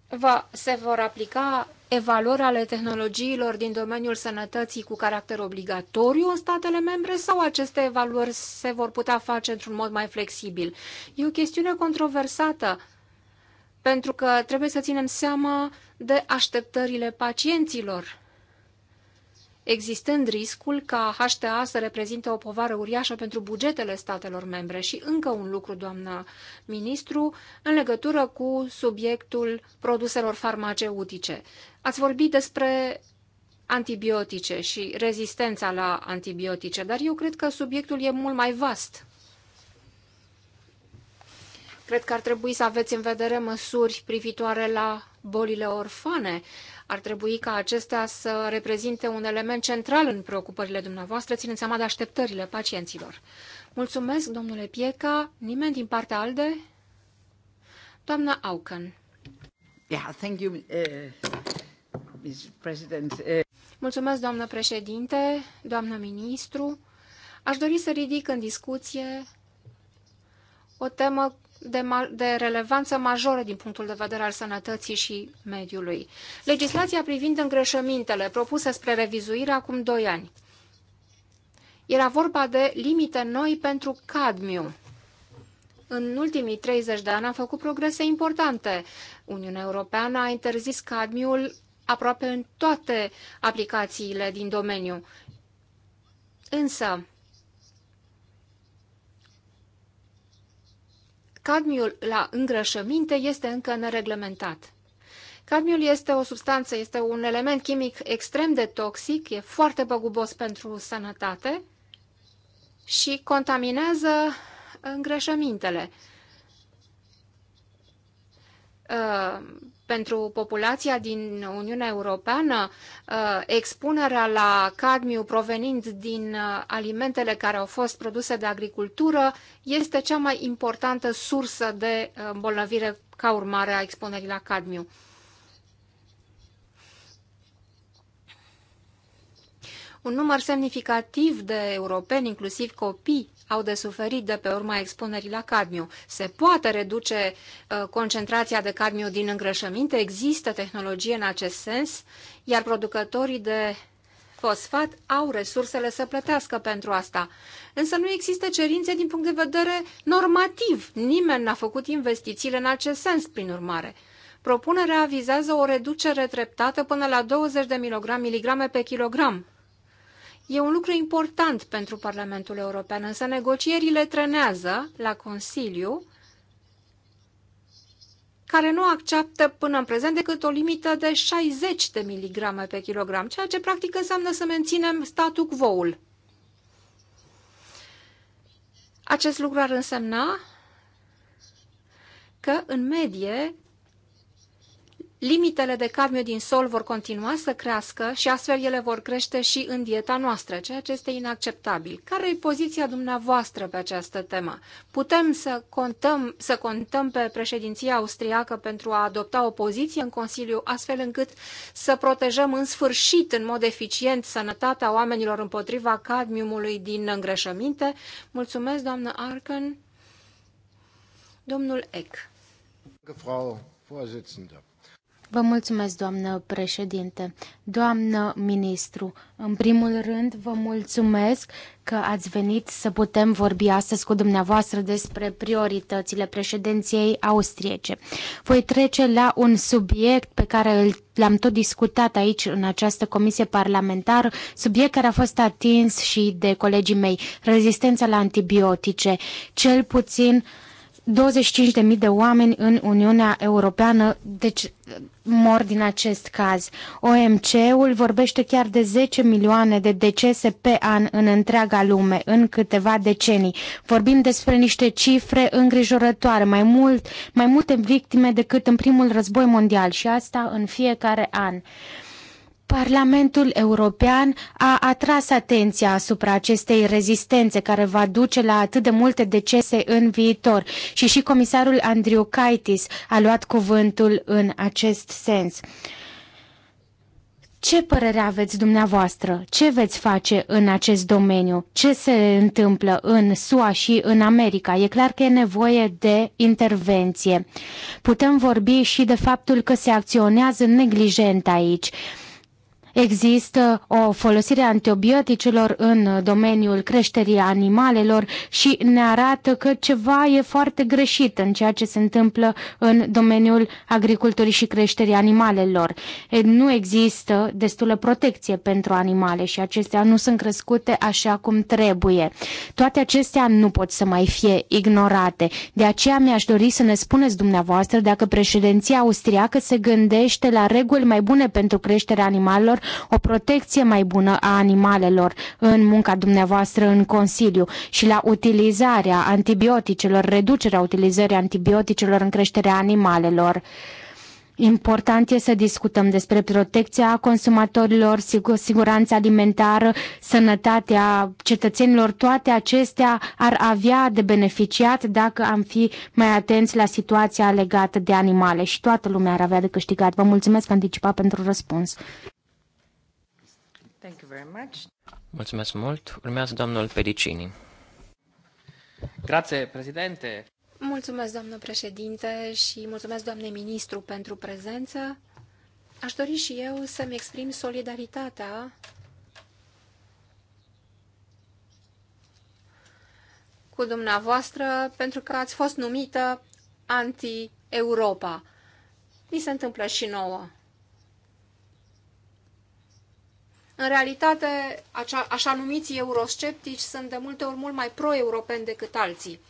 Va, se vor aplica evaluări ale tehnologiilor din domeniul sănătății cu caracter obligatoriu în statele membre sau aceste evaluări se vor putea face într-un mod mai flexibil? E o chestiune controversată pentru că trebuie să ținem seama de așteptările pacienților existând riscul ca HTA să reprezinte o povară uriașă pentru bugetele statelor membre. Și încă un lucru, doamna ministru, în legătură cu subiectul produselor farmaceutice. Ați vorbit despre antibiotice și rezistența la antibiotice, dar eu cred că subiectul e mult mai vast. Cred că ar trebui să aveți în vedere măsuri privitoare la bolile orfane, ar trebui ca acestea să reprezinte un element central în preocupările dumneavoastră, ținând seama de așteptările pacienților. Mulțumesc, domnule Pieca. Nimeni din partea ALDE? Doamna Auken. Yeah, thank you, uh, Mr. President. Uh... Mulțumesc, doamnă președinte, doamnă ministru. Aș dori să ridic în discuție o temă de, ma de relevanță majoră din punctul de vedere al sănătății și mediului. Legislația privind îngreșămintele propusă spre revizuire acum 2 ani. Era vorba de limite noi pentru cadmiu. În ultimii 30 de ani am făcut progrese importante. Uniunea Europeană a interzis cadmiul aproape în toate aplicațiile din domeniu. Însă, cadmiul la îngrășăminte este încă nereglementat. Cadmiul este o substanță, este un element chimic extrem de toxic, e foarte băgubos pentru sănătate și contaminează uh, îngrășămintele. Uh, pentru populația din Uniunea Europeană, uh, expunerea la cadmiu provenind din uh, alimentele care au fost produse de agricultură este cea mai importantă sursă de uh, îmbolnăvire ca urmare a expunerii la cadmiu. Un număr semnificativ de europeni, inclusiv copii, au de suferit de pe urma expunerii la cadmiu. Se poate reduce uh, concentrația de cadmiu din îngrășăminte, există tehnologie în acest sens, iar producătorii de fosfat au resursele să plătească pentru asta. Însă nu există cerințe din punct de vedere normativ. Nimeni n-a făcut investițiile în acest sens, prin urmare. Propunerea vizează o reducere treptată până la 20 de miligrame pe kilogram E un lucru important pentru Parlamentul European, însă negocierile trenează la Consiliu, care nu acceptă până în prezent decât o limită de 60 de miligrame pe kilogram, ceea ce practic înseamnă să menținem statul quo-ul. Acest lucru ar însemna că, în medie, limitele de cadmiu din sol vor continua să crească și astfel ele vor crește și în dieta noastră, ceea ce este inacceptabil. Care e poziția dumneavoastră pe această temă? Putem să contăm, să contăm pe președinția austriacă pentru a adopta o poziție în Consiliu, astfel încât să protejăm în sfârșit, în mod eficient, sănătatea oamenilor împotriva cadmiumului din îngreșăminte? Mulțumesc, doamnă Arken. Domnul Eck. Frau Vorsitzende. Vă mulțumesc, doamnă președinte. Doamnă ministru, în primul rând vă mulțumesc că ați venit să putem vorbi astăzi cu dumneavoastră despre prioritățile președinției austriece. Voi trece la un subiect pe care l-am tot discutat aici în această comisie parlamentară, subiect care a fost atins și de colegii mei, rezistența la antibiotice. Cel puțin uh, 25.000 de oameni în Uniunea Europeană deci, mor din acest caz. OMC-ul vorbește chiar de 10 milioane de decese pe an în întreaga lume, în câteva decenii. Vorbim despre niște cifre îngrijorătoare, mai, mult, mai multe victime decât în primul război mondial și asta în fiecare an. Parlamentul European a atras atenția asupra acestei rezistențe care va duce la atât de multe decese în viitor și și comisarul Andriu Kaitis a luat cuvântul în acest sens. Ce părere aveți dumneavoastră? Ce veți face în acest domeniu? Ce se întâmplă în SUA și în America? E clar că e nevoie de intervenție. Putem vorbi și de faptul că se acționează neglijent aici. Există o folosire a antibioticelor în domeniul creșterii animalelor și ne arată că ceva e foarte greșit în ceea ce se întâmplă în domeniul agriculturii și creșterii animalelor. Nu există destulă protecție pentru animale și acestea nu sunt crescute așa cum trebuie. Toate acestea nu pot să mai fie ignorate. De aceea mi-aș dori să ne spuneți dumneavoastră dacă președinția austriacă se gândește la reguli mai bune pentru creșterea animalelor o protecție mai bună a animalelor în munca dumneavoastră în Consiliu și la utilizarea antibioticelor, reducerea utilizării antibioticelor în creșterea animalelor. Important e să discutăm despre protecția consumatorilor, sigur, siguranța alimentară, sănătatea cetățenilor. Toate acestea ar avea de beneficiat dacă am fi mai atenți la situația legată de animale și toată lumea ar avea de câștigat. Vă mulțumesc anticipat pentru răspuns. Thank you very much. Mulțumesc mult. Urmează domnul Pedicini. Grazie, președinte. Mulțumesc, doamnă președinte, și mulțumesc, doamne ministru, pentru prezență. Aș dori și eu să-mi exprim solidaritatea cu dumneavoastră pentru că ați fost numită anti-Europa. Mi se întâmplă și nouă. În realitate, așa numiți eurosceptici sunt de multe ori mult mai pro-europeni decât alții.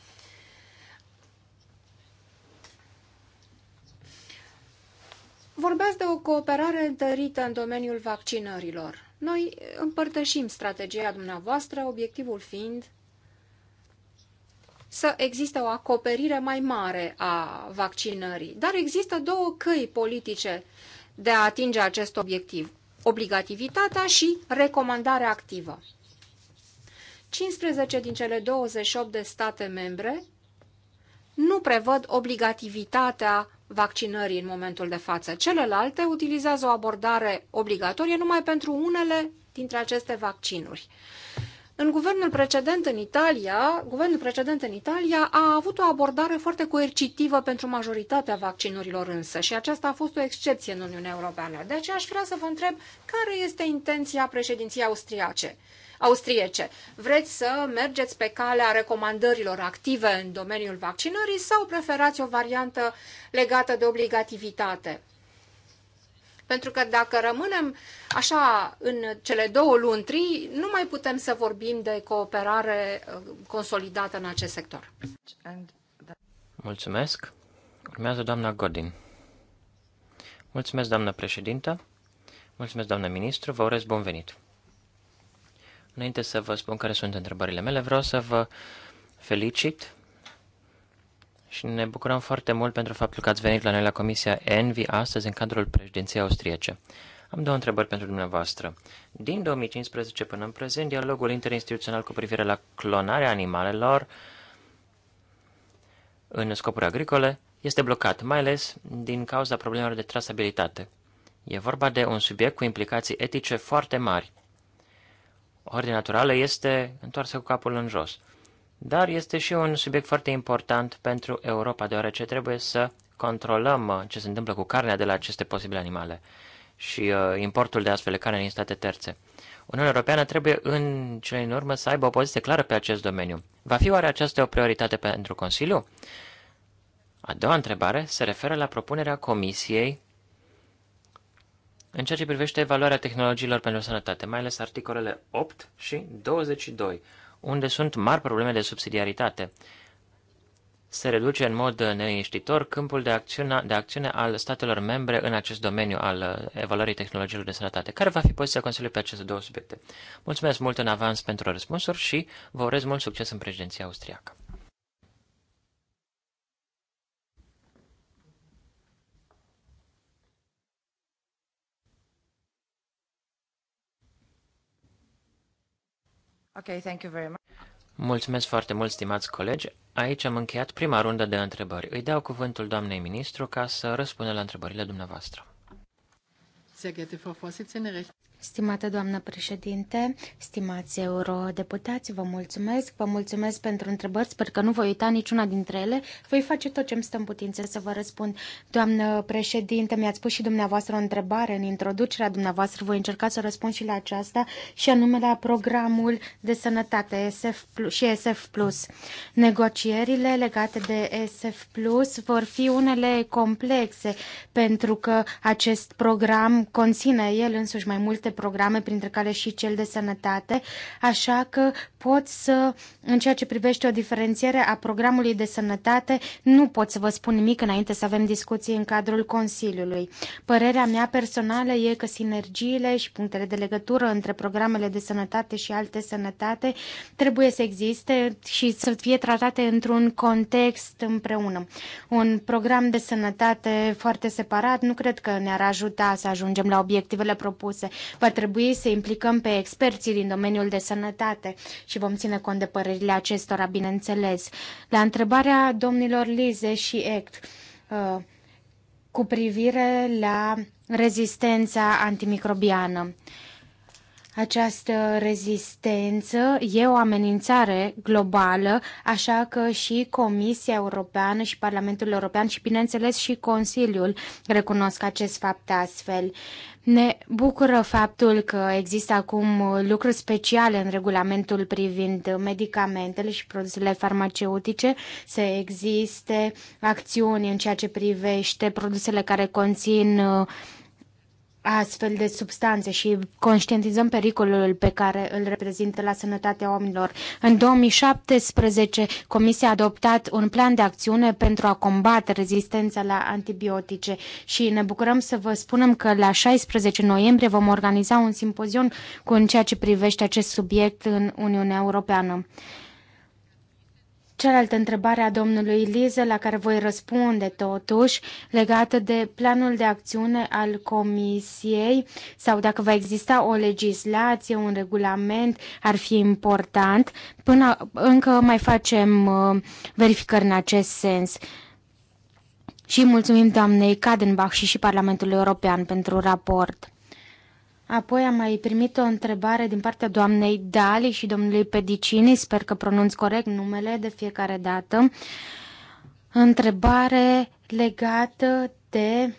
Vorbeați de o cooperare întărită în domeniul vaccinărilor. Noi împărtășim strategia dumneavoastră, obiectivul fiind să existe o acoperire mai mare a vaccinării. Dar există două căi politice de a atinge acest obiectiv obligativitatea și recomandarea activă. 15 din cele 28 de state membre nu prevăd obligativitatea vaccinării în momentul de față. Celelalte utilizează o abordare obligatorie numai pentru unele dintre aceste vaccinuri. În guvernul precedent în Italia, guvernul precedent în Italia a avut o abordare foarte coercitivă pentru majoritatea vaccinurilor însă și aceasta a fost o excepție în Uniunea Europeană. De aceea aș vrea să vă întreb care este intenția președinției austriace austriece. Vreți să mergeți pe calea recomandărilor active în domeniul vaccinării sau preferați o variantă legată de obligativitate? Pentru că dacă rămânem așa în cele două luni, nu mai putem să vorbim de cooperare uh, consolidată în acest sector. Mulțumesc. Urmează doamna Godin. Mulțumesc, doamnă președintă. Mulțumesc, doamnă ministru. Vă urez bun venit. Înainte să vă spun care sunt întrebările mele, vreau să vă felicit și ne bucurăm foarte mult pentru faptul că ați venit la noi la Comisia ENVI astăzi în cadrul președinției austriece. Am două întrebări pentru dumneavoastră. Din 2015 până în prezent, dialogul interinstituțional cu privire la clonarea animalelor în scopuri agricole este blocat, mai ales din cauza problemelor de trasabilitate. E vorba de un subiect cu implicații etice foarte mari. Ordinea naturală este întoarsă cu capul în jos. Dar este și un subiect foarte important pentru Europa, deoarece trebuie să controlăm uh, ce se întâmplă cu carnea de la aceste posibile animale și uh, importul de astfel de carne din state terțe. Uniunea Europeană trebuie în cele din urmă să aibă o poziție clară pe acest domeniu. Va fi oare aceasta o prioritate pentru Consiliu? A doua întrebare se referă la propunerea Comisiei în ceea ce privește evaluarea tehnologiilor pentru sănătate, mai ales articolele 8 și 22 unde sunt mari probleme de subsidiaritate. Se reduce în mod neînștitor câmpul de acțiune, de acțiune al statelor membre în acest domeniu al uh, evaluării tehnologiilor de sănătate. Care va fi poziția Consiliului pe aceste două subiecte? Mulțumesc mult în avans pentru răspunsuri și vă urez mult succes în președinția austriacă. Okay, thank you very much. Mulțumesc foarte mult, stimați colegi. Aici am încheiat prima rundă de întrebări. Îi dau cuvântul doamnei ministru ca să răspundă la întrebările dumneavoastră. Sehr geehrte Frau Vorsitzende, recht. Stimată doamnă președinte, stimați eurodeputați, vă mulțumesc, vă mulțumesc pentru întrebări, sper că nu voi uita niciuna dintre ele, voi face tot ce mi stă în putință să vă răspund. Doamnă președinte, mi-ați pus și dumneavoastră o întrebare în introducerea dumneavoastră, voi încerca să răspund și la aceasta și anume la programul de sănătate SF Plus și SF+. Plus. Negocierile legate de SF Plus vor fi unele complexe pentru că acest program conține el însuși mai multe programe, printre care și cel de sănătate, așa că pot să, în ceea ce privește o diferențiere a programului de sănătate, nu pot să vă spun nimic înainte să avem discuții în cadrul Consiliului. Părerea mea personală e că sinergiile și punctele de legătură între programele de sănătate și alte sănătate trebuie să existe și să fie tratate într-un context împreună. Un program de sănătate foarte separat nu cred că ne-ar ajuta să ajungem la obiectivele propuse. Va trebui să implicăm pe experții din domeniul de sănătate și vom ține cont de părerile acestora, bineînțeles. La întrebarea domnilor Lize și Ect, uh, cu privire la rezistența antimicrobiană. Această rezistență e o amenințare globală, așa că și Comisia Europeană și Parlamentul European și, bineînțeles, și Consiliul recunosc acest fapt astfel. Ne bucură faptul că există acum lucruri speciale în regulamentul privind medicamentele și produsele farmaceutice, să existe acțiuni în ceea ce privește produsele care conțin uh, astfel de substanțe și conștientizăm pericolul pe care îl reprezintă la sănătatea oamenilor. În 2017, Comisia a adoptat un plan de acțiune pentru a combate rezistența la antibiotice și ne bucurăm să vă spunem că la 16 noiembrie vom organiza un simpozion cu în ceea ce privește acest subiect în Uniunea Europeană. Cealaltă întrebare a domnului Lize, la care voi răspunde totuși, legată de planul de acțiune al Comisiei sau dacă va exista o legislație, un regulament, ar fi important. Până încă mai facem uh, verificări în acest sens. Și mulțumim doamnei Cadenbach și și Parlamentul European pentru raport. Apoi am mai primit o întrebare din partea doamnei Dali și domnului Pedicini, sper că pronunț corect numele de fiecare dată. Întrebare legată de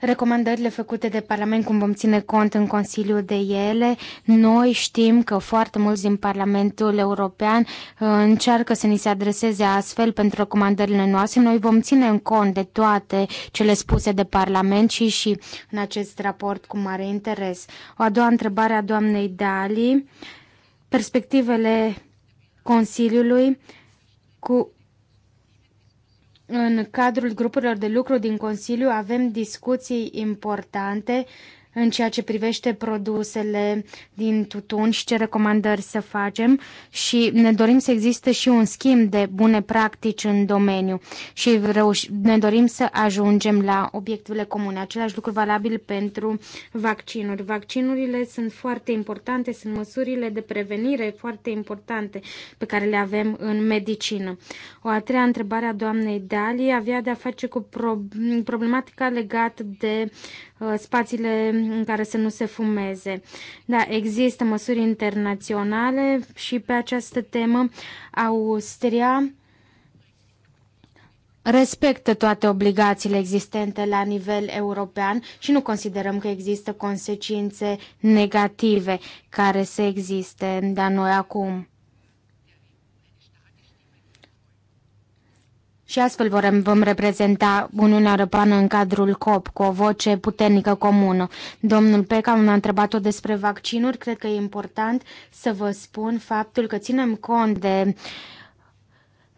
recomandările făcute de Parlament, cum vom ține cont în Consiliu de ele. Noi știm că foarte mulți din Parlamentul European uh, încearcă să ni se adreseze astfel pentru recomandările noastre. Noi vom ține în cont de toate cele spuse de Parlament și și în acest raport cu mare interes. O a doua întrebare a doamnei Dali. Perspectivele Consiliului cu în cadrul grupurilor de lucru din Consiliu avem discuții importante în ceea ce privește produsele din tutun și ce recomandări să facem și ne dorim să existe și un schimb de bune practici în domeniu și ne dorim să ajungem la obiectivele comune. Același lucru valabil pentru vaccinuri. Vaccinurile sunt foarte importante, sunt măsurile de prevenire foarte importante pe care le avem în medicină. O a treia întrebare a doamnei Dali avea de a face cu problematica legată de Uh, spațiile în care să nu se fumeze. Da, există măsuri internaționale și pe această temă Austria respectă toate obligațiile existente la nivel european și nu considerăm că există consecințe negative care să existe, dar noi acum. și astfel vom, vom reprezenta Uniunea Europeană în cadrul COP cu o voce puternică comună. Domnul Peca m-a întrebat-o despre vaccinuri. Cred că e important să vă spun faptul că ținem cont de,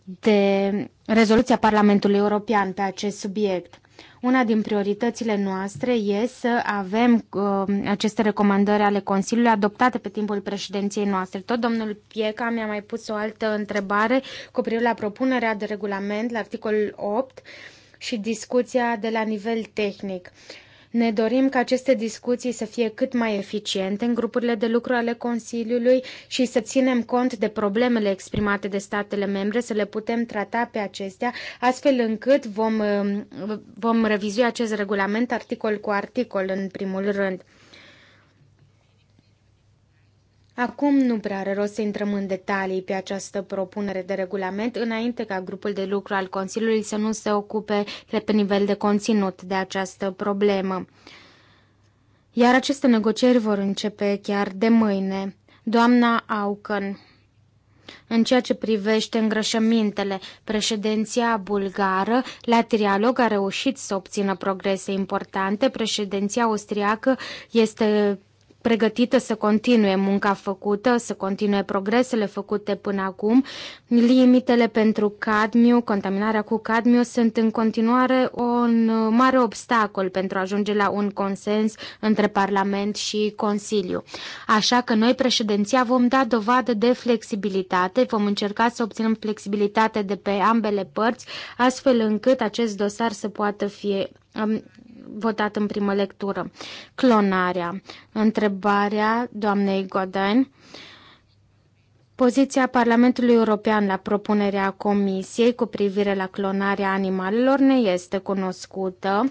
de rezoluția Parlamentului European pe acest subiect. Una din prioritățile noastre e să avem uh, aceste recomandări ale Consiliului adoptate pe timpul președinției noastre. Tot domnul Pieca mi-a mai pus o altă întrebare cu privire la propunerea de regulament la articolul 8 și discuția de la nivel tehnic. Uh, ne dorim ca aceste discuții să fie cât mai eficiente în grupurile de lucru ale Consiliului și să ținem cont de problemele exprimate de statele membre, să le putem trata pe acestea, astfel încât vom, uh, vom revizui acest regulament articol cu articol în primul rând. Acum nu prea are rost să intrăm în detalii pe această propunere de regulament, înainte ca grupul de lucru al Consiliului să nu se ocupe pe nivel de conținut de această problemă. Iar aceste negocieri vor începe chiar de mâine. Doamna Aucăn, În ceea ce privește îngrășămintele, președinția bulgară la trialog a reușit să obțină progrese importante. Președinția austriacă este pregătită să continue munca făcută, să continue progresele făcute până acum. Limitele pentru cadmiu, contaminarea cu cadmiu, sunt în continuare un mare obstacol pentru a ajunge la un consens între Parlament și Consiliu. Așa că noi, președinția, vom da dovadă de flexibilitate, vom încerca să obținem flexibilitate de pe ambele părți, astfel încât acest dosar să poată fi um, votat în primă lectură. Clonarea. Întrebarea doamnei Goden. Poziția Parlamentului European la propunerea Comisiei cu privire la clonarea animalelor ne este cunoscută. Uh,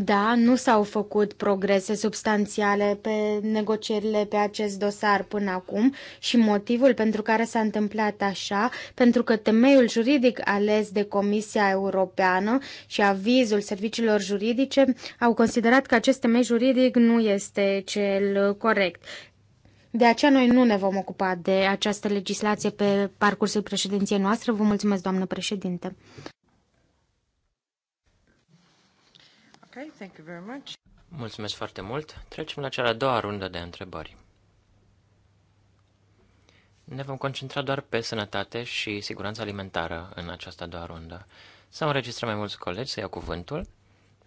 da, nu s-au făcut progrese substanțiale pe negocierile pe acest dosar până acum și motivul pentru care s-a întâmplat așa, pentru că temeiul juridic ales de Comisia Europeană și avizul serviciilor juridice au considerat că acest temei juridic nu este cel corect. De aceea noi nu ne vom ocupa de această legislație pe parcursul președinției noastre. Vă mulțumesc, doamnă președinte. Okay, thank you very much. Mulțumesc foarte mult. Trecem la cea a doua rundă de întrebări. Ne vom concentra doar pe sănătate și siguranța alimentară în această a doua rundă. S-au înregistrat mai mulți colegi să iau cuvântul.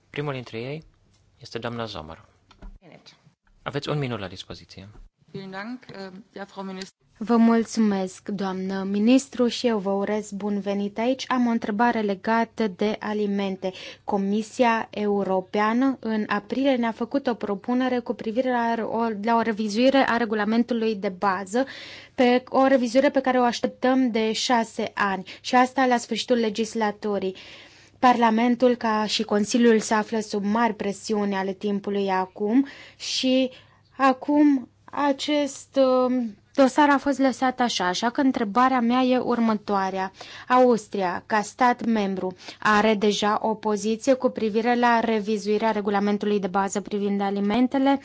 Primul dintre ei este doamna Zomar. Aveți un minut la dispoziție. Ähm, vă mulțumesc, doamnă ministru, și eu vă urez bun venit aici. Am o întrebare legată de alimente. Comisia Europeană în aprilie ne-a făcut o propunere cu privire la o, la o revizuire a regulamentului de bază, pe o revizuire pe care o așteptăm de șase ani și asta la sfârșitul legislaturii. Parlamentul ca și Consiliul se află sub mari presiuni ale timpului acum și acum acest um, dosar a fost lăsat așa, așa că întrebarea mea e următoarea. Austria, ca stat membru, are deja o poziție cu privire la revizuirea regulamentului de bază privind alimentele?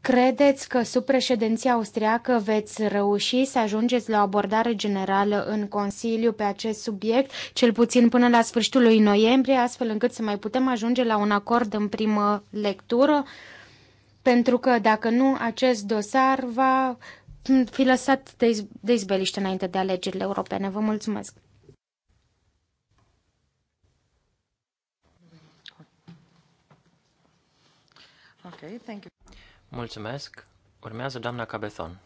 Credeți că sub președinția austriacă veți reuși să ajungeți la o abordare generală în Consiliu pe acest subiect, cel puțin până la sfârșitul lui noiembrie, astfel încât să mai putem ajunge la un acord în primă lectură? pentru că dacă nu, acest dosar va fi lăsat de, de izbeliște înainte de alegerile europene. Vă mulțumesc! Okay, thank you. Mulțumesc. Urmează doamna Cabezon.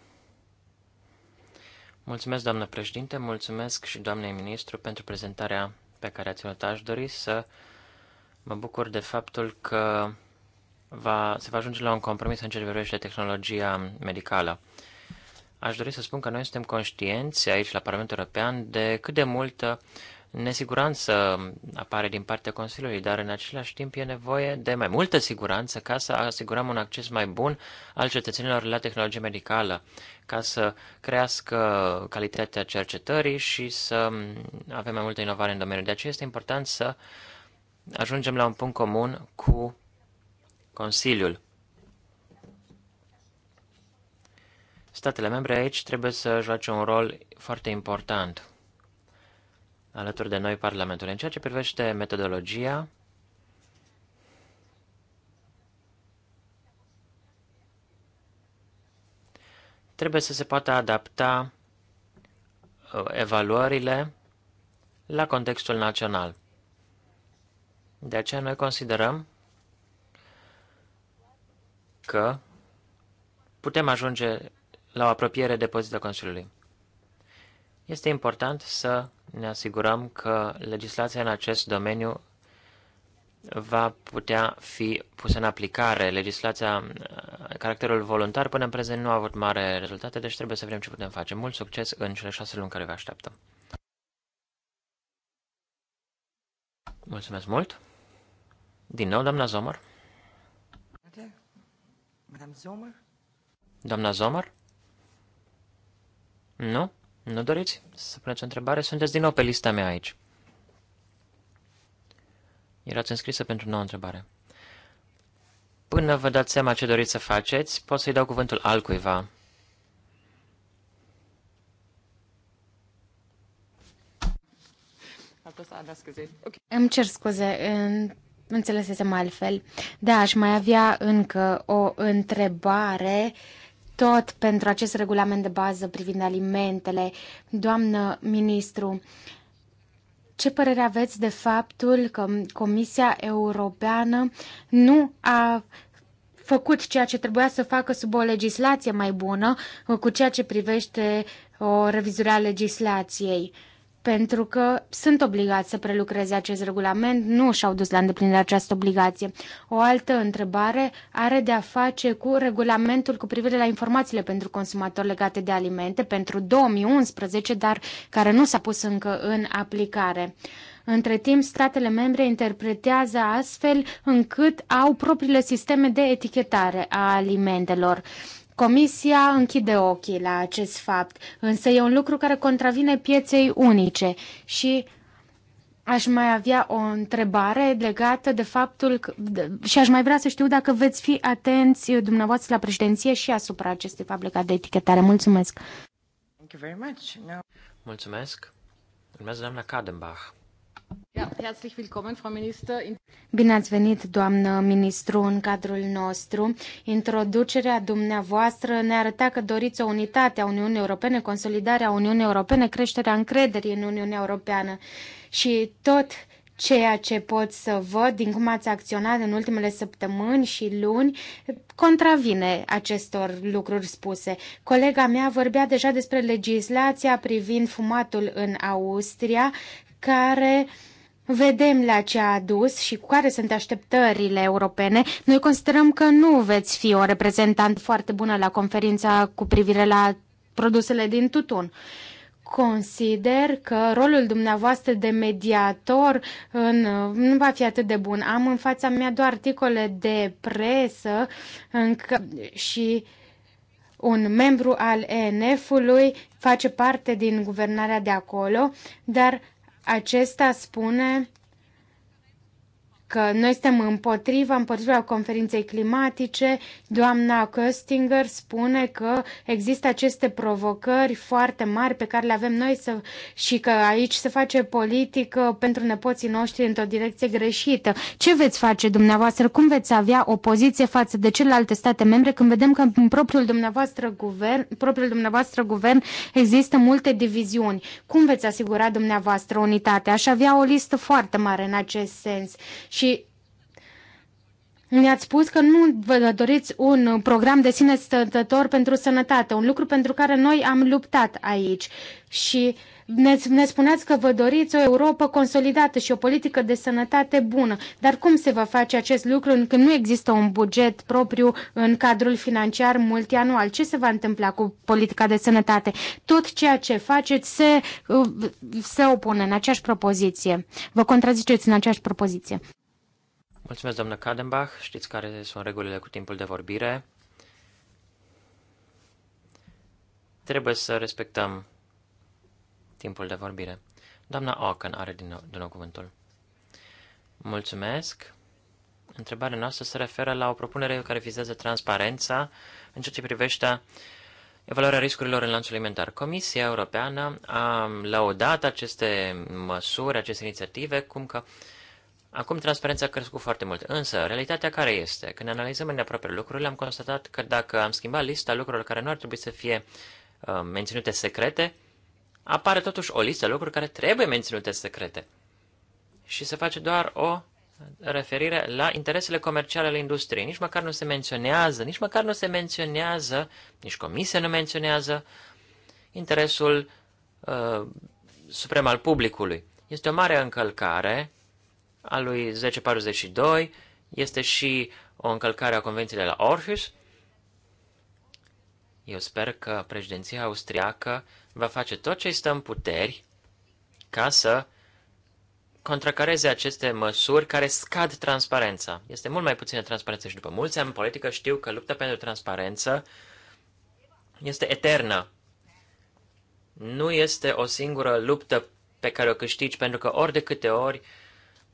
Mulțumesc, doamnă președinte, mulțumesc și doamnei ministru pentru prezentarea pe care ați ținut. Aș dori să mă bucur de faptul că va, se va ajunge la un compromis în ce privește tehnologia medicală. Aș dori să spun că noi suntem conștienți aici la Parlamentul European de cât de multă nesiguranță apare din partea Consiliului, dar în același timp e nevoie de mai multă siguranță ca să asigurăm un acces mai bun al cetățenilor la tehnologie medicală, ca să crească calitatea cercetării și să avem mai multă inovare în domeniu. De aceea este important să ajungem la un punct comun cu Consiliul. Statele membre aici trebuie să joace un rol foarte important alături de noi Parlamentul. În ceea ce privește metodologia, trebuie să se poată adapta uh, evaluările la contextul național. De aceea noi considerăm că putem ajunge la o apropiere de poziția Consiliului. Este important să ne asigurăm că legislația în acest domeniu va putea fi pusă în aplicare. Legislația, caracterul voluntar, până în prezent nu a avut mare rezultate, deci trebuie să vedem ce putem face. Mult succes în cele șase luni care vă așteaptă. Mulțumesc mult! Din nou, doamna Zomăr. Madame Zomer? Doamna Zomer? Nu? Nu doriți să puneți o întrebare? Sunteți din nou pe lista mea aici. Erați înscrisă pentru nouă întrebare. Până vă dați seama ce doriți să faceți, pot să-i dau cuvântul altcuiva. Îmi cer scuze, înțelesesem altfel. Da, aș mai avea încă o întrebare tot pentru acest regulament de bază privind alimentele. Doamnă ministru, ce părere aveți de faptul că Comisia Europeană nu a făcut ceea ce trebuia să facă sub o legislație mai bună cu ceea ce privește o revizuire a legislației? pentru că sunt obligați să prelucreze acest regulament, nu și-au dus la îndeplinire această obligație. O altă întrebare are de a face cu regulamentul cu privire la informațiile pentru consumatori legate de alimente pentru 2011, dar care nu s-a pus încă în aplicare. Între timp, statele membre interpretează astfel încât au propriile sisteme de etichetare a alimentelor. Uh, Comisia închide ochii la acest fapt, însă e un lucru care contravine pieței unice și aș mai avea o întrebare legată de faptul că, și aș mai vrea să știu dacă veți fi atenți dumneavoastră la președinție și asupra acestui fapt legat de etichetare. Mulțumesc! Mulțumesc! Urmează doamna Kadenbach. Bine ați venit, doamnă ministru, în cadrul nostru. Introducerea dumneavoastră ne arăta că doriți o unitate a Uniunii Europene, consolidarea Uniunii Europene, creșterea încrederii în Uniunea Europeană. Și tot ceea ce pot să văd din cum ați acționat în ultimele săptămâni și luni contravine acestor lucruri spuse. Colega mea vorbea deja despre legislația privind fumatul în Austria, care vedem la ce a adus și care sunt așteptările europene, noi considerăm că nu veți fi o reprezentant foarte bună la conferința cu privire la produsele din tutun. Consider că rolul dumneavoastră de mediator în, nu va fi atât de bun. Am în fața mea doar articole de presă în, și un membru al ENF-ului face parte din guvernarea de acolo, dar acesta spune că noi suntem împotriva, împotriva conferinței climatice. Doamna Köstinger spune că există aceste provocări foarte mari pe care le avem noi să, și că aici se face politică pentru nepoții noștri într-o direcție greșită. Ce veți face dumneavoastră? Cum veți avea o poziție față de celelalte state membre când vedem că în propriul dumneavoastră guvern, propriul dumneavoastră guvern există multe diviziuni? Cum veți asigura dumneavoastră unitatea? Aș avea o listă foarte mare în acest sens. Și și ne-ați spus că nu vă doriți un program de sine stătător pentru sănătate, un lucru pentru care noi am luptat aici. Și ne, ne spuneați că vă doriți o Europa consolidată și o politică de sănătate bună. Dar cum se va face acest lucru când nu există un buget propriu în cadrul financiar multianual? Ce se va întâmpla cu politica de sănătate? Tot ceea ce faceți se, uh, se opune în aceeași propoziție. Vă contraziceți în aceeași propoziție. Mulțumesc, doamnă Kadenbach. Știți care sunt regulile cu timpul de vorbire. Trebuie să respectăm timpul de vorbire. Doamna Ocken are din nou, din nou cuvântul. Mulțumesc. Întrebarea noastră se referă la o propunere care vizează transparența în ceea ce privește evaluarea riscurilor în lanțul alimentar. Comisia Europeană a laudat aceste măsuri, aceste inițiative, cum că uh, Acum transparența a crescut foarte mult, însă realitatea care este? Când analizăm în aproape lucrurile, am constatat că dacă am schimbat lista lucrurilor care nu ar trebui să fie uh, menținute secrete, apare totuși o listă lucruri care trebuie menținute secrete. Și se face doar o referire la interesele comerciale ale industriei. Nici măcar nu se menționează, nici măcar nu se menționează, nici comisia nu menționează interesul uh, suprem al publicului. Este o mare încălcare a lui 1042, este și o încălcare a convenției de la Orhus. Eu sper că președinția austriacă va face tot ce stă în puteri ca să contracareze aceste măsuri care scad transparența. Este mult mai puțină transparență și după mulți ani în politică știu că lupta pentru transparență este eternă. Nu este o singură luptă pe care o câștigi pentru că ori de câte ori uh,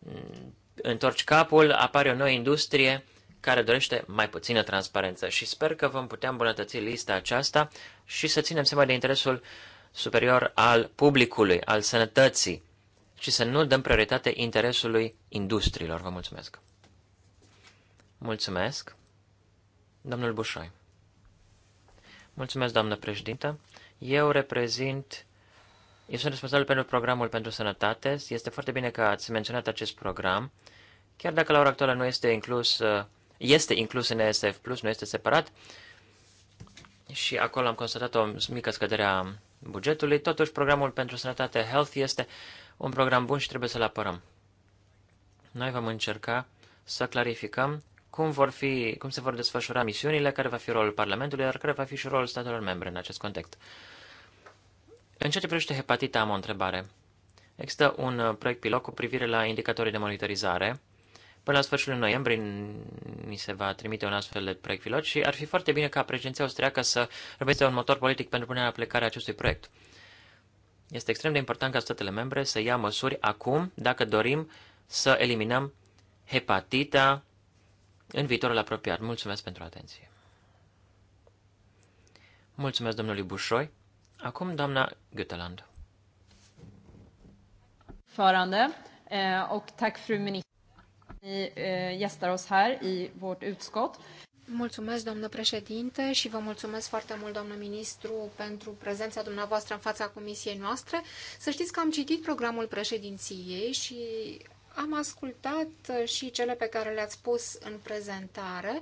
Mm, întorci capul, apare o nouă industrie care dorește mai puțină transparență și sper că vom putea îmbunătăți lista aceasta și să ținem seama de interesul superior al publicului, al sănătății și să nu dăm prioritate interesului industriilor. Vă mulțumesc! Mulțumesc! Domnul Bușoi. Mulțumesc, doamnă președintă. Eu reprezint eu sunt responsabil pentru programul pentru sănătate. Este foarte bine că ați menționat acest program. Chiar dacă la ora actuală nu este inclus, uh, este inclus în ESF+, nu este separat, și acolo am constatat o mică scădere a bugetului, totuși programul pentru sănătate Health este un program bun și trebuie să-l apărăm. Noi vom încerca să clarificăm cum, vor fi, cum se vor desfășura misiunile, care va fi rolul Parlamentului, dar care va fi și rolul statelor membre în acest context. În ceea ce privește hepatita, am o întrebare. Există un uh, proiect pilot cu privire la indicatorii de monitorizare. Până la sfârșitul noiembrie ni se va trimite un astfel de proiect pilot și ar fi foarte bine ca președinția austriacă să reprezinte un motor politic pentru punerea în a acestui proiect. Este extrem de important ca statele membre să ia măsuri acum dacă dorim să eliminăm hepatita în viitorul apropiat. Mulțumesc pentru atenție. Mulțumesc domnului Bușoi. Acum doamna Göteland. Förande eh, och tack fru minister. Ni eh, gästar oss här i vårt utskott. Mulțumesc, doamnă președinte, și vă mulțumesc foarte mult, doamnă ministru, pentru prezența dumneavoastră în fața comisiei noastre. Să știți că am citit programul președinției și am ascultat eh, și cele pe care le-ați spus în prezentare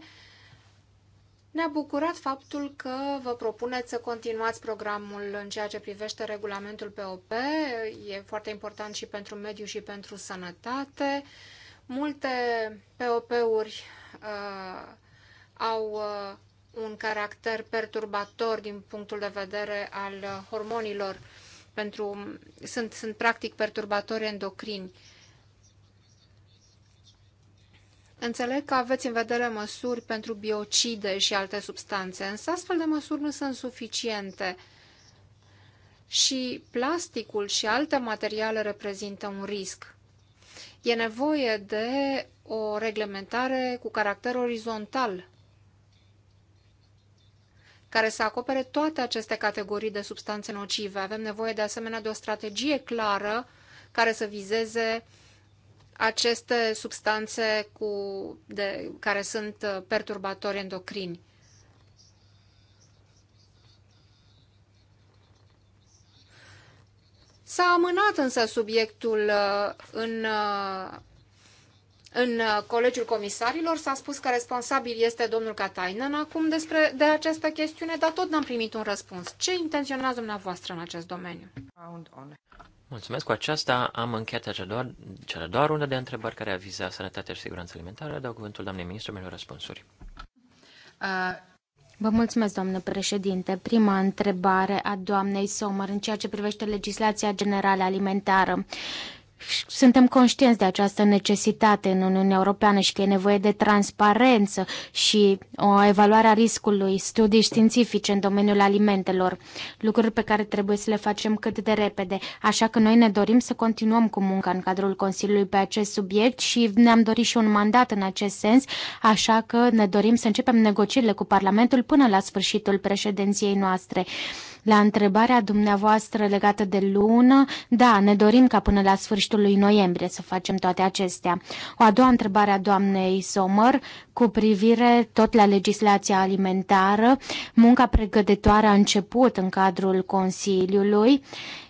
ne-a bucurat faptul că vă propuneți să continuați programul în ceea ce privește regulamentul POP. E foarte important și pentru mediu și pentru sănătate. Multe POP-uri uh, au uh, un caracter perturbator din punctul de vedere al uh, hormonilor. Pentru, sunt, sunt practic perturbatori endocrini. Înțeleg că aveți în vedere măsuri pentru biocide și alte substanțe, însă astfel de măsuri nu sunt suficiente și plasticul și alte materiale reprezintă un risc. E nevoie de o reglementare cu caracter orizontal care să acopere toate aceste categorii de substanțe nocive. Avem nevoie de asemenea de o strategie clară care să vizeze uh, aceste substanțe cu, de, care sunt uh, perturbatori endocrini. S-a amânat însă subiectul uh, în, uh, în Colegiul Comisarilor. S-a spus că responsabil este domnul Katainen acum despre, de această chestiune, dar tot n-am primit un răspuns. Ce intenționați dumneavoastră în acest domeniu? Mulțumesc. Cu aceasta am încheiat cele doar, cele doar runde de întrebări care vizat sănătatea și siguranța alimentară. Dau cuvântul doamnei ministru pentru răspunsuri. Uh. Vă mulțumesc, doamnă președinte. Prima întrebare a doamnei Sommer în ceea ce privește legislația generală alimentară suntem conștienți de această necesitate în Uniunea Europeană și că e nevoie de transparență și o evaluare a riscului, studii științifice în domeniul alimentelor, lucruri pe care trebuie să le facem cât de repede. Așa că noi ne dorim să continuăm cu munca în cadrul Consiliului pe acest subiect și ne-am dorit și un mandat în acest sens, așa că ne dorim să începem negocierile cu Parlamentul până la sfârșitul președinției noastre. La întrebarea dumneavoastră legată de lună, da, ne dorim ca până la sfârșitul lui noiembrie să facem toate acestea. O a doua întrebare a doamnei Sommer, cu privire tot la legislația alimentară, munca pregătitoare a început în cadrul Consiliului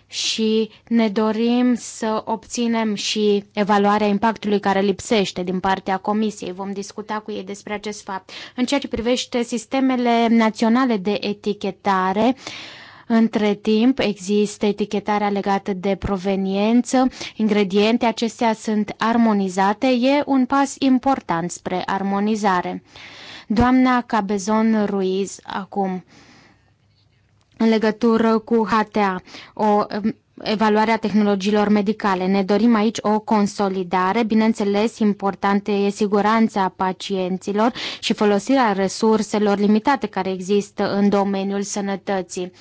și ne dorim să obținem și evaluarea impactului care lipsește din partea Comisiei. Vom discuta cu ei despre acest fapt. În ceea ce privește sistemele naționale de etichetare, uh, între timp există etichetarea legată de proveniență, ingrediente acestea sunt armonizate, e un pas important spre armonizare. Doamna Cabezon Ruiz acum în legătură cu HTA, o um, evaluarea tehnologiilor medicale. Ne dorim aici o consolidare. Bineînțeles, importantă e siguranța pacienților și folosirea resurselor limitate care există în domeniul sănătății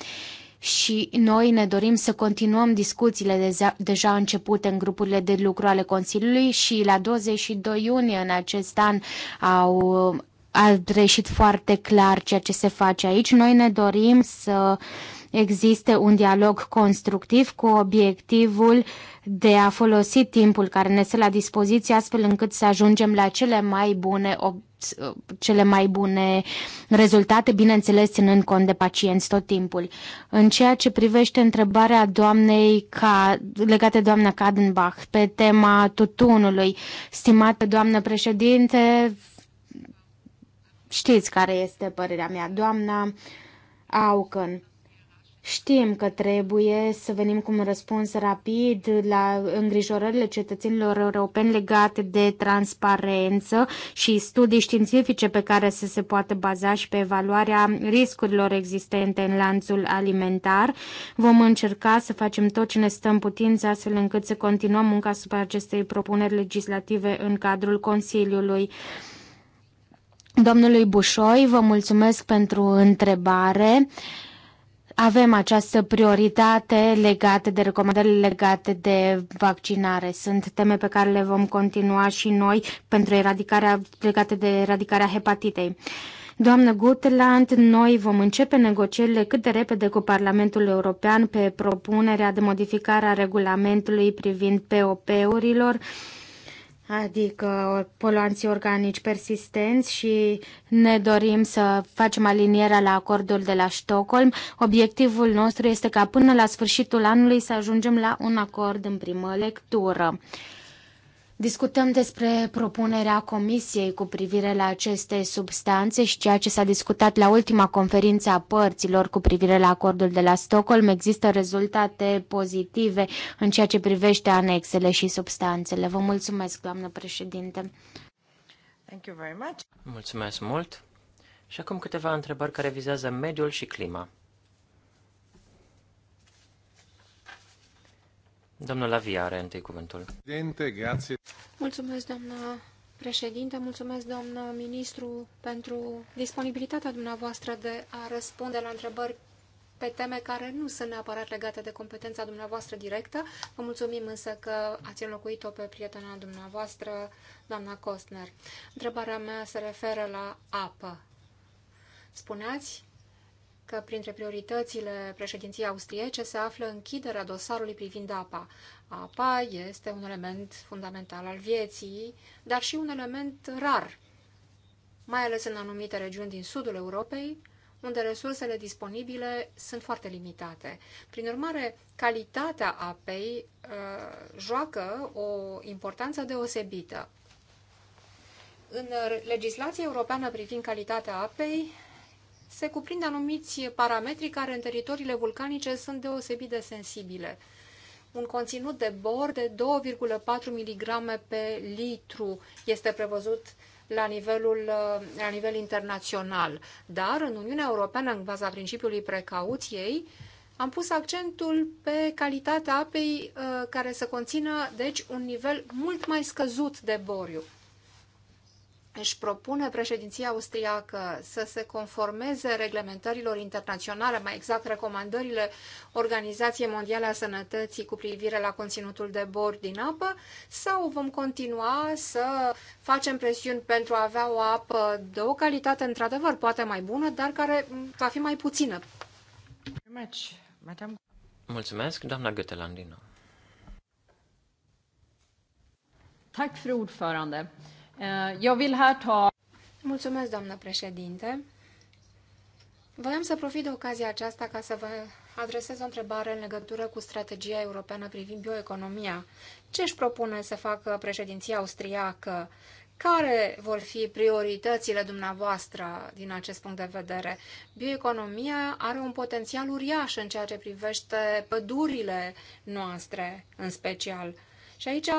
și noi ne dorim să continuăm discuțiile deja începute în grupurile de lucru ale Consiliului și la 22 iunie în acest an au a reșit foarte clar ceea ce se face aici. Noi ne dorim să existe un dialog constructiv cu obiectivul de a folosi timpul care ne stă la dispoziție astfel încât să ajungem la cele mai bune Uh, cele mai bune rezultate, bineînțeles ținând cont de pacienți tot timpul. În ceea ce privește întrebarea doamnei ca, legate doamna Kadenbach pe tema tutunului, stimată doamnă președinte, știți care este părerea mea, doamna Auken. Știm că trebuie să venim cu un răspuns rapid la îngrijorările cetățenilor europeni legate de transparență și studii științifice pe care să se poată baza și pe evaluarea riscurilor existente în lanțul alimentar. Vom încerca să facem tot ce ne stă în putință astfel încât să continuăm munca asupra acestei propuneri legislative în cadrul Consiliului. Domnului Bușoi, vă mulțumesc pentru întrebare avem această prioritate legată de recomandările legate de vaccinare. Sunt teme pe care le vom continua și noi pentru eradicarea, legate de eradicarea hepatitei. Doamnă Gutland, noi vom începe negocierile cât de repede cu Parlamentul European pe propunerea de modificare a regulamentului privind POP-urilor. Uh, adică poluanții organici persistenți și ne dorim să facem alinierea la acordul de la Stockholm. Obiectivul nostru este ca până la sfârșitul anului să ajungem la un acord în primă lectură. Discutăm despre propunerea Comisiei cu privire la aceste substanțe și ceea ce s-a discutat la ultima conferință a părților cu privire la acordul de la Stockholm. Există rezultate pozitive în ceea ce privește anexele și substanțele. Vă mulțumesc, doamnă președinte. Thank you very much. Mulțumesc mult. Și acum câteva întrebări care vizează mediul și clima. Domnul Avia are întâi cuvântul. Mulțumesc, doamnă președinte, mulțumesc, doamna ministru, pentru disponibilitatea dumneavoastră de a răspunde la întrebări pe teme care nu sunt neapărat legate de competența dumneavoastră directă. Vă mulțumim însă că ați înlocuit-o pe prietena dumneavoastră, doamna Costner. Întrebarea mea se referă la apă. Spuneați că printre prioritățile președinției austriece se află închiderea dosarului privind apa. Apa este un element fundamental al vieții, dar și un element rar, mai ales în anumite regiuni din sudul Europei, unde resursele disponibile sunt foarte limitate. Prin urmare, calitatea apei uh, joacă o importanță deosebită. În legislația europeană privind calitatea apei se cuprind anumiți parametri care în teritoriile vulcanice sunt deosebit de sensibile. Un conținut de bor de 2,4 mg pe litru este prevăzut la, nivelul, la nivel internațional. Dar în Uniunea Europeană, în baza principiului precauției, am pus accentul pe calitatea apei uh, care să conțină, deci, un nivel mult mai scăzut de boriu își propune președinția austriacă să se conformeze reglementărilor internaționale, mai exact recomandările Organizației Mondiale a Sănătății cu privire la conținutul de bor din apă, sau vom continua să facem presiuni pentru a avea o apă de o calitate într-adevăr poate mai bună, dar care va fi mai puțină? Mulțumesc, doamna Götelandino. Tack, fru ordförande. Eh, eu vil ha ta... Mulțumesc, doamnă președinte. Voiam să profit de ocazia aceasta ca să vă adresez o întrebare în legătură cu strategia europeană privind bioeconomia. Ce își propune să facă președinția austriacă? Care vor fi prioritățile dumneavoastră din acest punct de vedere? Bioeconomia are un potențial uriaș în ceea ce privește pădurile noastre, în special. Și aici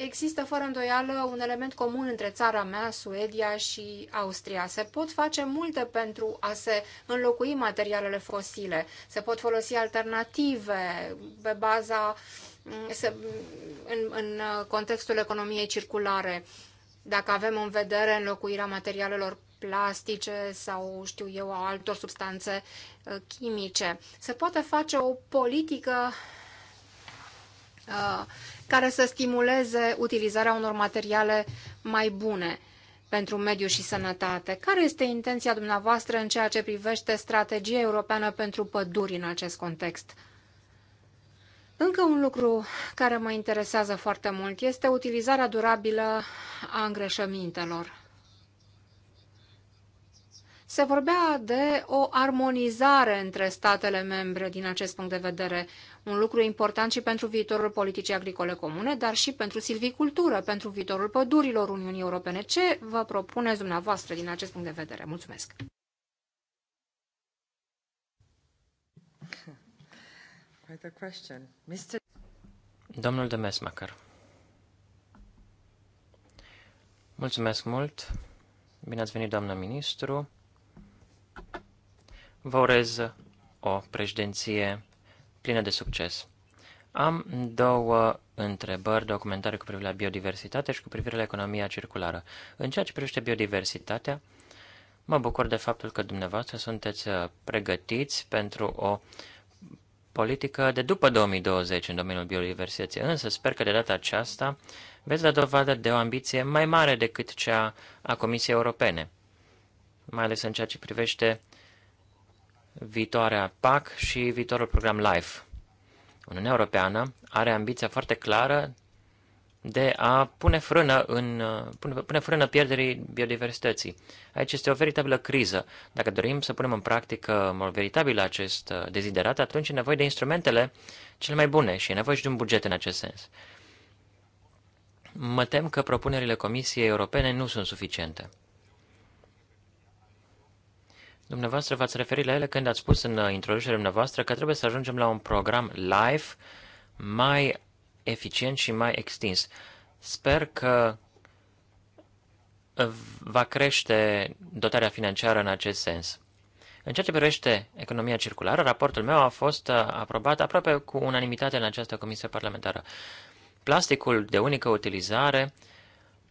Există fără îndoială un element comun între țara mea, Suedia și Austria. Se pot face multe pentru a se înlocui materialele fosile. Se pot folosi alternative pe baza mm, se, în, în contextul economiei circulare. Dacă avem în vedere înlocuirea materialelor plastice sau, știu eu, a altor substanțe uh, chimice. Se poate face o politică Uh, care să stimuleze utilizarea unor materiale mai bune pentru mediu și sănătate. Care este intenția dumneavoastră în ceea ce privește strategia europeană pentru păduri în acest context? Încă un lucru care mă interesează foarte mult este utilizarea durabilă a îngrășămintelor se vorbea de o armonizare între statele membre din acest punct de vedere, un lucru important și pentru viitorul politicii agricole comune, dar și pentru silvicultură, pentru viitorul pădurilor Uniunii Europene. Ce vă propuneți dumneavoastră din acest punct de vedere? Mulțumesc! Domnul de Mesmacher. Mulțumesc mult! Bine ați venit, doamnă ministru! vă urez o președinție plină de succes. Am două întrebări, două comentarii cu privire la biodiversitate și cu privire la economia circulară. În ceea ce privește biodiversitatea, mă bucur de faptul că dumneavoastră sunteți uh, pregătiți pentru o politică de după 2020 în domeniul biodiversității, însă sper că de data aceasta veți da dovadă de o ambiție mai mare decât cea a Comisiei Europene, mai ales în ceea ce privește viitoarea PAC și viitorul program LIFE. Uniunea Europeană are ambiția foarte clară de a pune frână, în, pune, pune frână pierderii biodiversității. Aici este o veritabilă criză. Dacă dorim să punem în practică mult veritabil acest uh, deziderat, atunci e nevoie de instrumentele cele mai bune și e nevoie și de un buget în acest sens. Mă tem că propunerile Comisiei Europene nu sunt suficiente. Dumneavoastră v-ați referit la ele când ați spus în uh, introducerea dumneavoastră că trebuie să ajungem la un program live mai eficient și mai extins. Sper că uh, va crește dotarea financiară în acest sens. În ceea ce privește economia circulară, raportul meu a fost uh, aprobat aproape cu unanimitate în această comisie parlamentară. Plasticul de unică utilizare uh,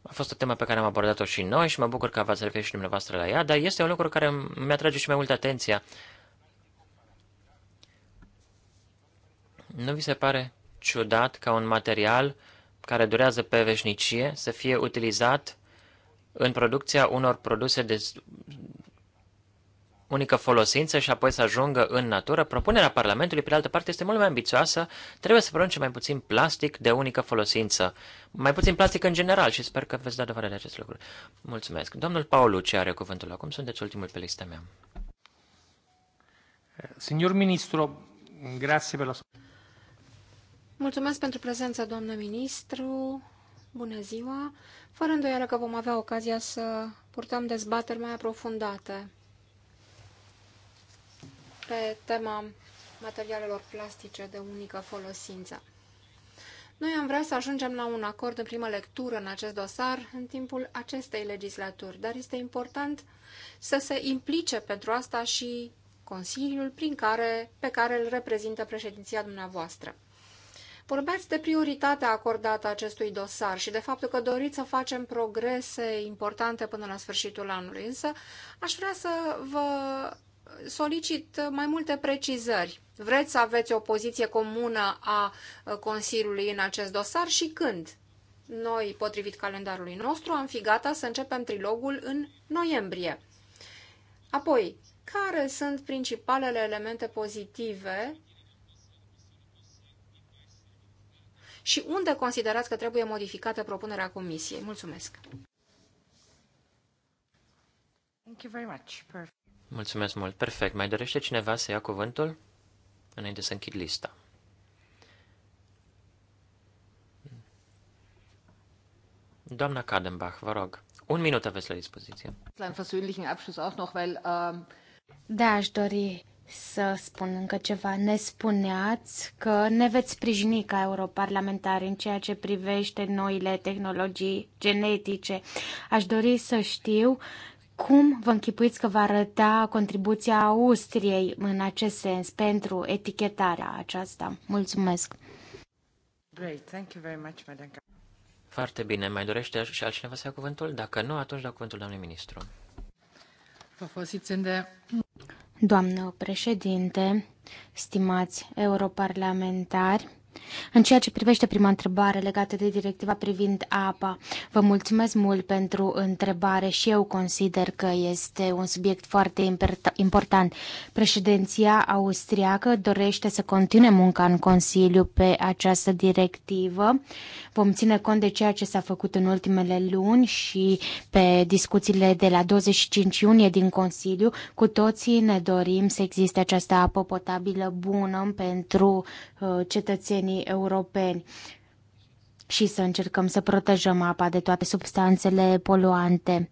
a fost o temă pe care am abordat-o și noi și mă bucur că v-ați referit și dumneavoastră la ea, dar este un lucru care mi-atrage și mai mult atenția. Nu vi se pare ciudat ca un material care durează pe veșnicie să fie utilizat în producția unor produse de unică folosință și apoi să ajungă în natură, propunerea Parlamentului, pe de altă parte, este mult mai ambițioasă, trebuie să producem mai puțin plastic de unică folosință, mai puțin plastic în general și sper că veți da dovadă de acest lucru. Mulțumesc. Domnul Paulu, ce are cuvântul acum? Sunteți ultimul pe lista mea. Signor Ministru, grazie per la... Mulțumesc pentru prezența, doamnă ministru. Bună ziua! Fără îndoială că vom avea ocazia să purtăm dezbateri mai aprofundate pe tema materialelor plastice de unică folosință. Noi am vrea să ajungem la un acord în primă lectură în acest dosar în timpul acestei legislaturi, dar este important să se implice pentru asta și Consiliul prin care, pe care îl reprezintă președinția dumneavoastră. Vorbeați de prioritatea acordată acestui dosar și de faptul că doriți să facem progrese importante până la sfârșitul anului, însă aș vrea să vă solicit mai multe precizări. Vreți să aveți o poziție comună a Consiliului în acest dosar și când? Noi, potrivit calendarului nostru, am fi gata să începem trilogul în noiembrie. Apoi, care sunt principalele elemente pozitive și unde considerați că trebuie modificată propunerea Comisiei? Mulțumesc! Thank you very much. Perfect. Mulțumesc mult. Perfect. Mai dorește cineva să ia cuvântul? Înainte să închid lista. Doamna Kadenbach, vă rog. Un minut aveți la dispoziție. Um, da, aș dori să spun încă ceva. Ne spuneați că ne veți sprijini ca europarlamentari în ceea ce privește noile tehnologii genetice. Aș dori să știu cum vă închipuiți că va arăta contribuția Austriei în acest sens pentru etichetarea aceasta? Mulțumesc! Great. Thank you very much, Madam. Foarte bine. Mai dorește și altcineva să ia cuvântul? Dacă nu, atunci dau cuvântul doamnei ministru. Doamnă președinte, stimați europarlamentari, în ceea ce privește prima întrebare legată de directiva privind apa, vă mulțumesc mult pentru întrebare și eu consider că este un subiect foarte important. Președinția austriacă dorește să continue munca în Consiliu pe această directivă. Vom ține cont de ceea ce s-a făcut în ultimele luni și pe discuțiile de la 25 iunie din Consiliu. Cu toții ne dorim să existe această apă potabilă bună pentru uh, cetățenii cetățenii europeni și să încercăm să protejăm apa de toate substanțele poluante.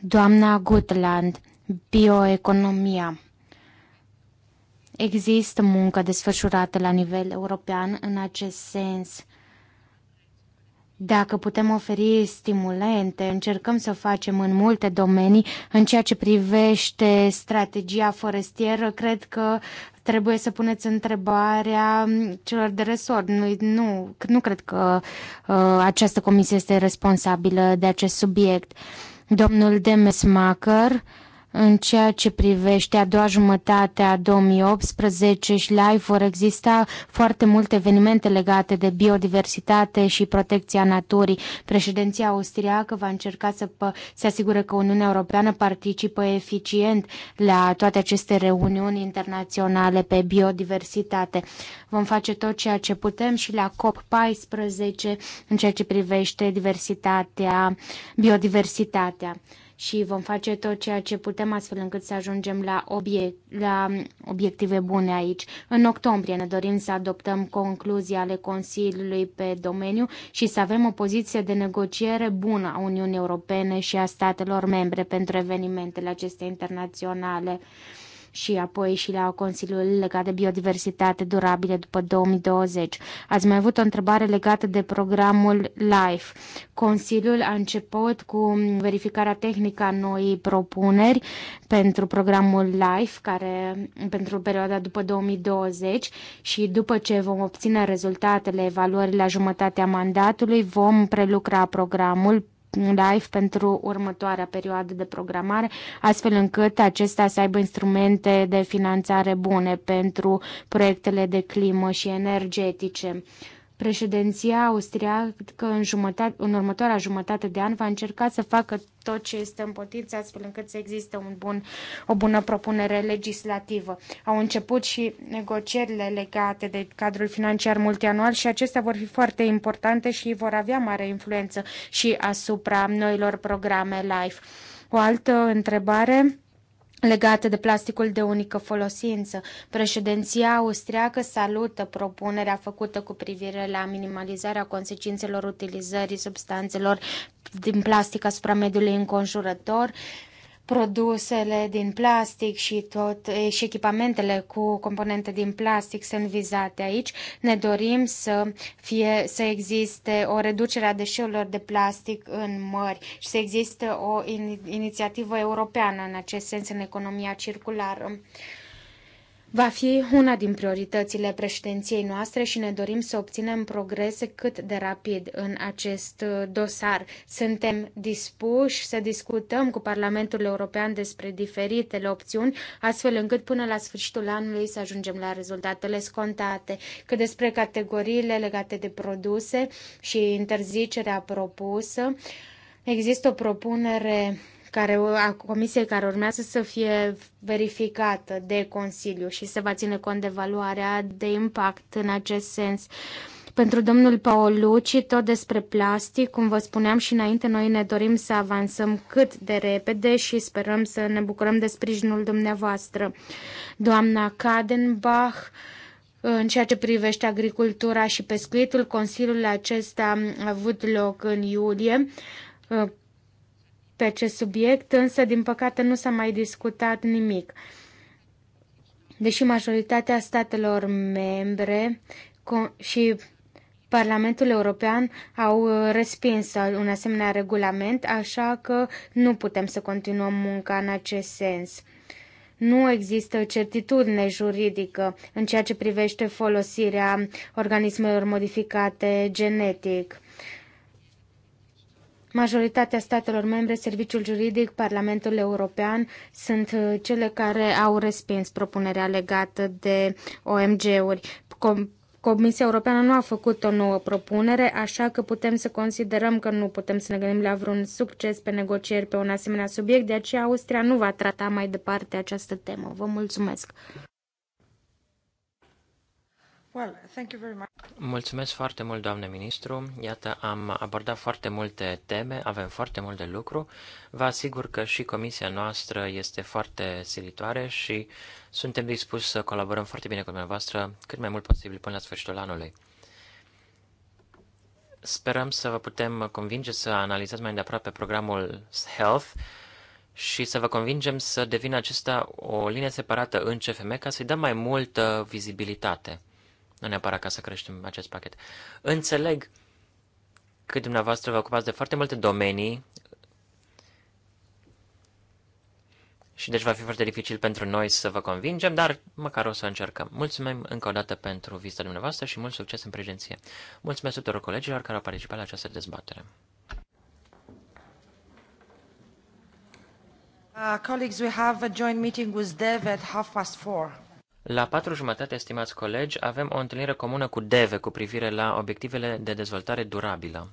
Doamna Gutland, bioeconomia. Există muncă desfășurată la nivel european în acest sens. Dacă putem oferi stimulente, încercăm să o facem în multe domenii. În ceea ce privește strategia forestieră, cred că Trebuie să puneți întrebarea mm, celor de resort. Nu, nu, nu cred că uh, această comisie este responsabilă de acest subiect. Domnul Demesmacher, uh, în ceea ce privește a doua jumătate a 2018 și live vor exista foarte multe evenimente legate de biodiversitate și protecția naturii. Președinția austriacă va încerca să se asigure că Uniunea Europeană participă eficient la toate aceste reuniuni internaționale pe biodiversitate. Vom face tot ceea ce putem și la COP14 în ceea ce privește diversitatea, biodiversitatea și vom face tot ceea ce putem astfel încât să ajungem la, obie- la obiective bune aici. În octombrie ne dorim să adoptăm concluzii ale Consiliului pe domeniu și să avem o poziție de negociere bună a Uniunii Europene și a statelor membre pentru evenimentele acestea internaționale și apoi și la Consiliul legat de biodiversitate durabile după 2020. Ați mai avut o întrebare legată de programul LIFE. Consiliul a început cu verificarea tehnică a noii propuneri pentru programul LIFE, care pentru perioada după 2020 și după ce vom obține rezultatele evaluării la jumătatea mandatului, vom prelucra programul live pentru următoarea perioadă de programare, astfel încât acestea să aibă instrumente de finanțare bune pentru proiectele de climă și energetice. Președinția austriacă în, jumătate, în următoarea jumătate de an va încerca să facă tot ce este în potință, astfel încât să existe un bun, o bună propunere legislativă. Au început și negocierile legate de cadrul financiar multianual și acestea vor fi foarte importante și vor avea mare influență și asupra noilor programe LIFE. O altă întrebare legate de plasticul de unică folosință. Președinția austriacă salută propunerea făcută cu privire la minimalizarea consecințelor utilizării substanțelor din plastic asupra mediului înconjurător produsele din plastic și, tot, și echipamentele cu componente din plastic sunt vizate aici. Ne dorim să, fie, să existe o reducere a deșeurilor de plastic în mări și să existe o in, inițiativă europeană în acest sens în economia circulară. Va fi una din prioritățile președinției noastre și ne dorim să obținem progrese cât de rapid în acest uh, dosar. Suntem dispuși să discutăm cu Parlamentul European despre diferitele opțiuni, astfel încât până la sfârșitul anului să ajungem la rezultatele scontate. Că despre categoriile legate de produse și interzicerea propusă, există o propunere care, a comisiei care urmează să fie verificată de Consiliu și se va ține cont de valoarea de impact în acest sens. Pentru domnul Paolucci, tot despre plastic, cum vă spuneam și înainte, noi ne dorim să avansăm cât de repede și sperăm să ne bucurăm de sprijinul dumneavoastră. Doamna Kadenbach, în ceea ce privește agricultura și pescuitul, Consiliul acesta a avut loc în iulie pe acest subiect, însă, din păcate, nu s-a mai discutat nimic. Deși majoritatea statelor membre și Parlamentul European au uh, respins un asemenea regulament, așa că nu putem să continuăm munca în acest sens. Nu există certitudine juridică în ceea ce privește folosirea organismelor modificate genetic. Majoritatea statelor membre, Serviciul Juridic, Parlamentul European sunt uh, cele care au respins propunerea legată de OMG-uri. Com Comisia Europeană nu a făcut o nouă propunere, așa că putem să considerăm că nu putem să ne gândim la vreun succes pe negocieri pe un asemenea subiect, de aceea Austria nu va trata mai departe această temă. Vă mulțumesc! Mulțumesc foarte mult, doamne ministru. Iată, am abordat foarte multe teme, avem foarte mult de lucru. Vă asigur că și comisia noastră este foarte silitoare și suntem dispuși să colaborăm foarte bine cu dumneavoastră cât mai mult posibil până la sfârșitul anului. Sperăm să vă putem convinge să analizați mai îndeaproape programul Health și să vă convingem să devină acesta o linie separată în CFM ca să-i dăm mai multă vizibilitate nu neapărat ca să creștem acest pachet. Înțeleg că dumneavoastră vă ocupați de foarte multe domenii și deci va fi foarte dificil pentru noi să vă convingem, dar măcar o să încercăm. Mulțumim încă o dată pentru vizita dumneavoastră și mult succes în prezenție. Mulțumesc tuturor colegilor care au participat la această dezbatere. Uh, colleagues, we have a joint meeting with Dev at half past four. La patru jumătate, stimați colegi, avem o întâlnire comună cu DEVE cu privire la obiectivele de dezvoltare durabilă.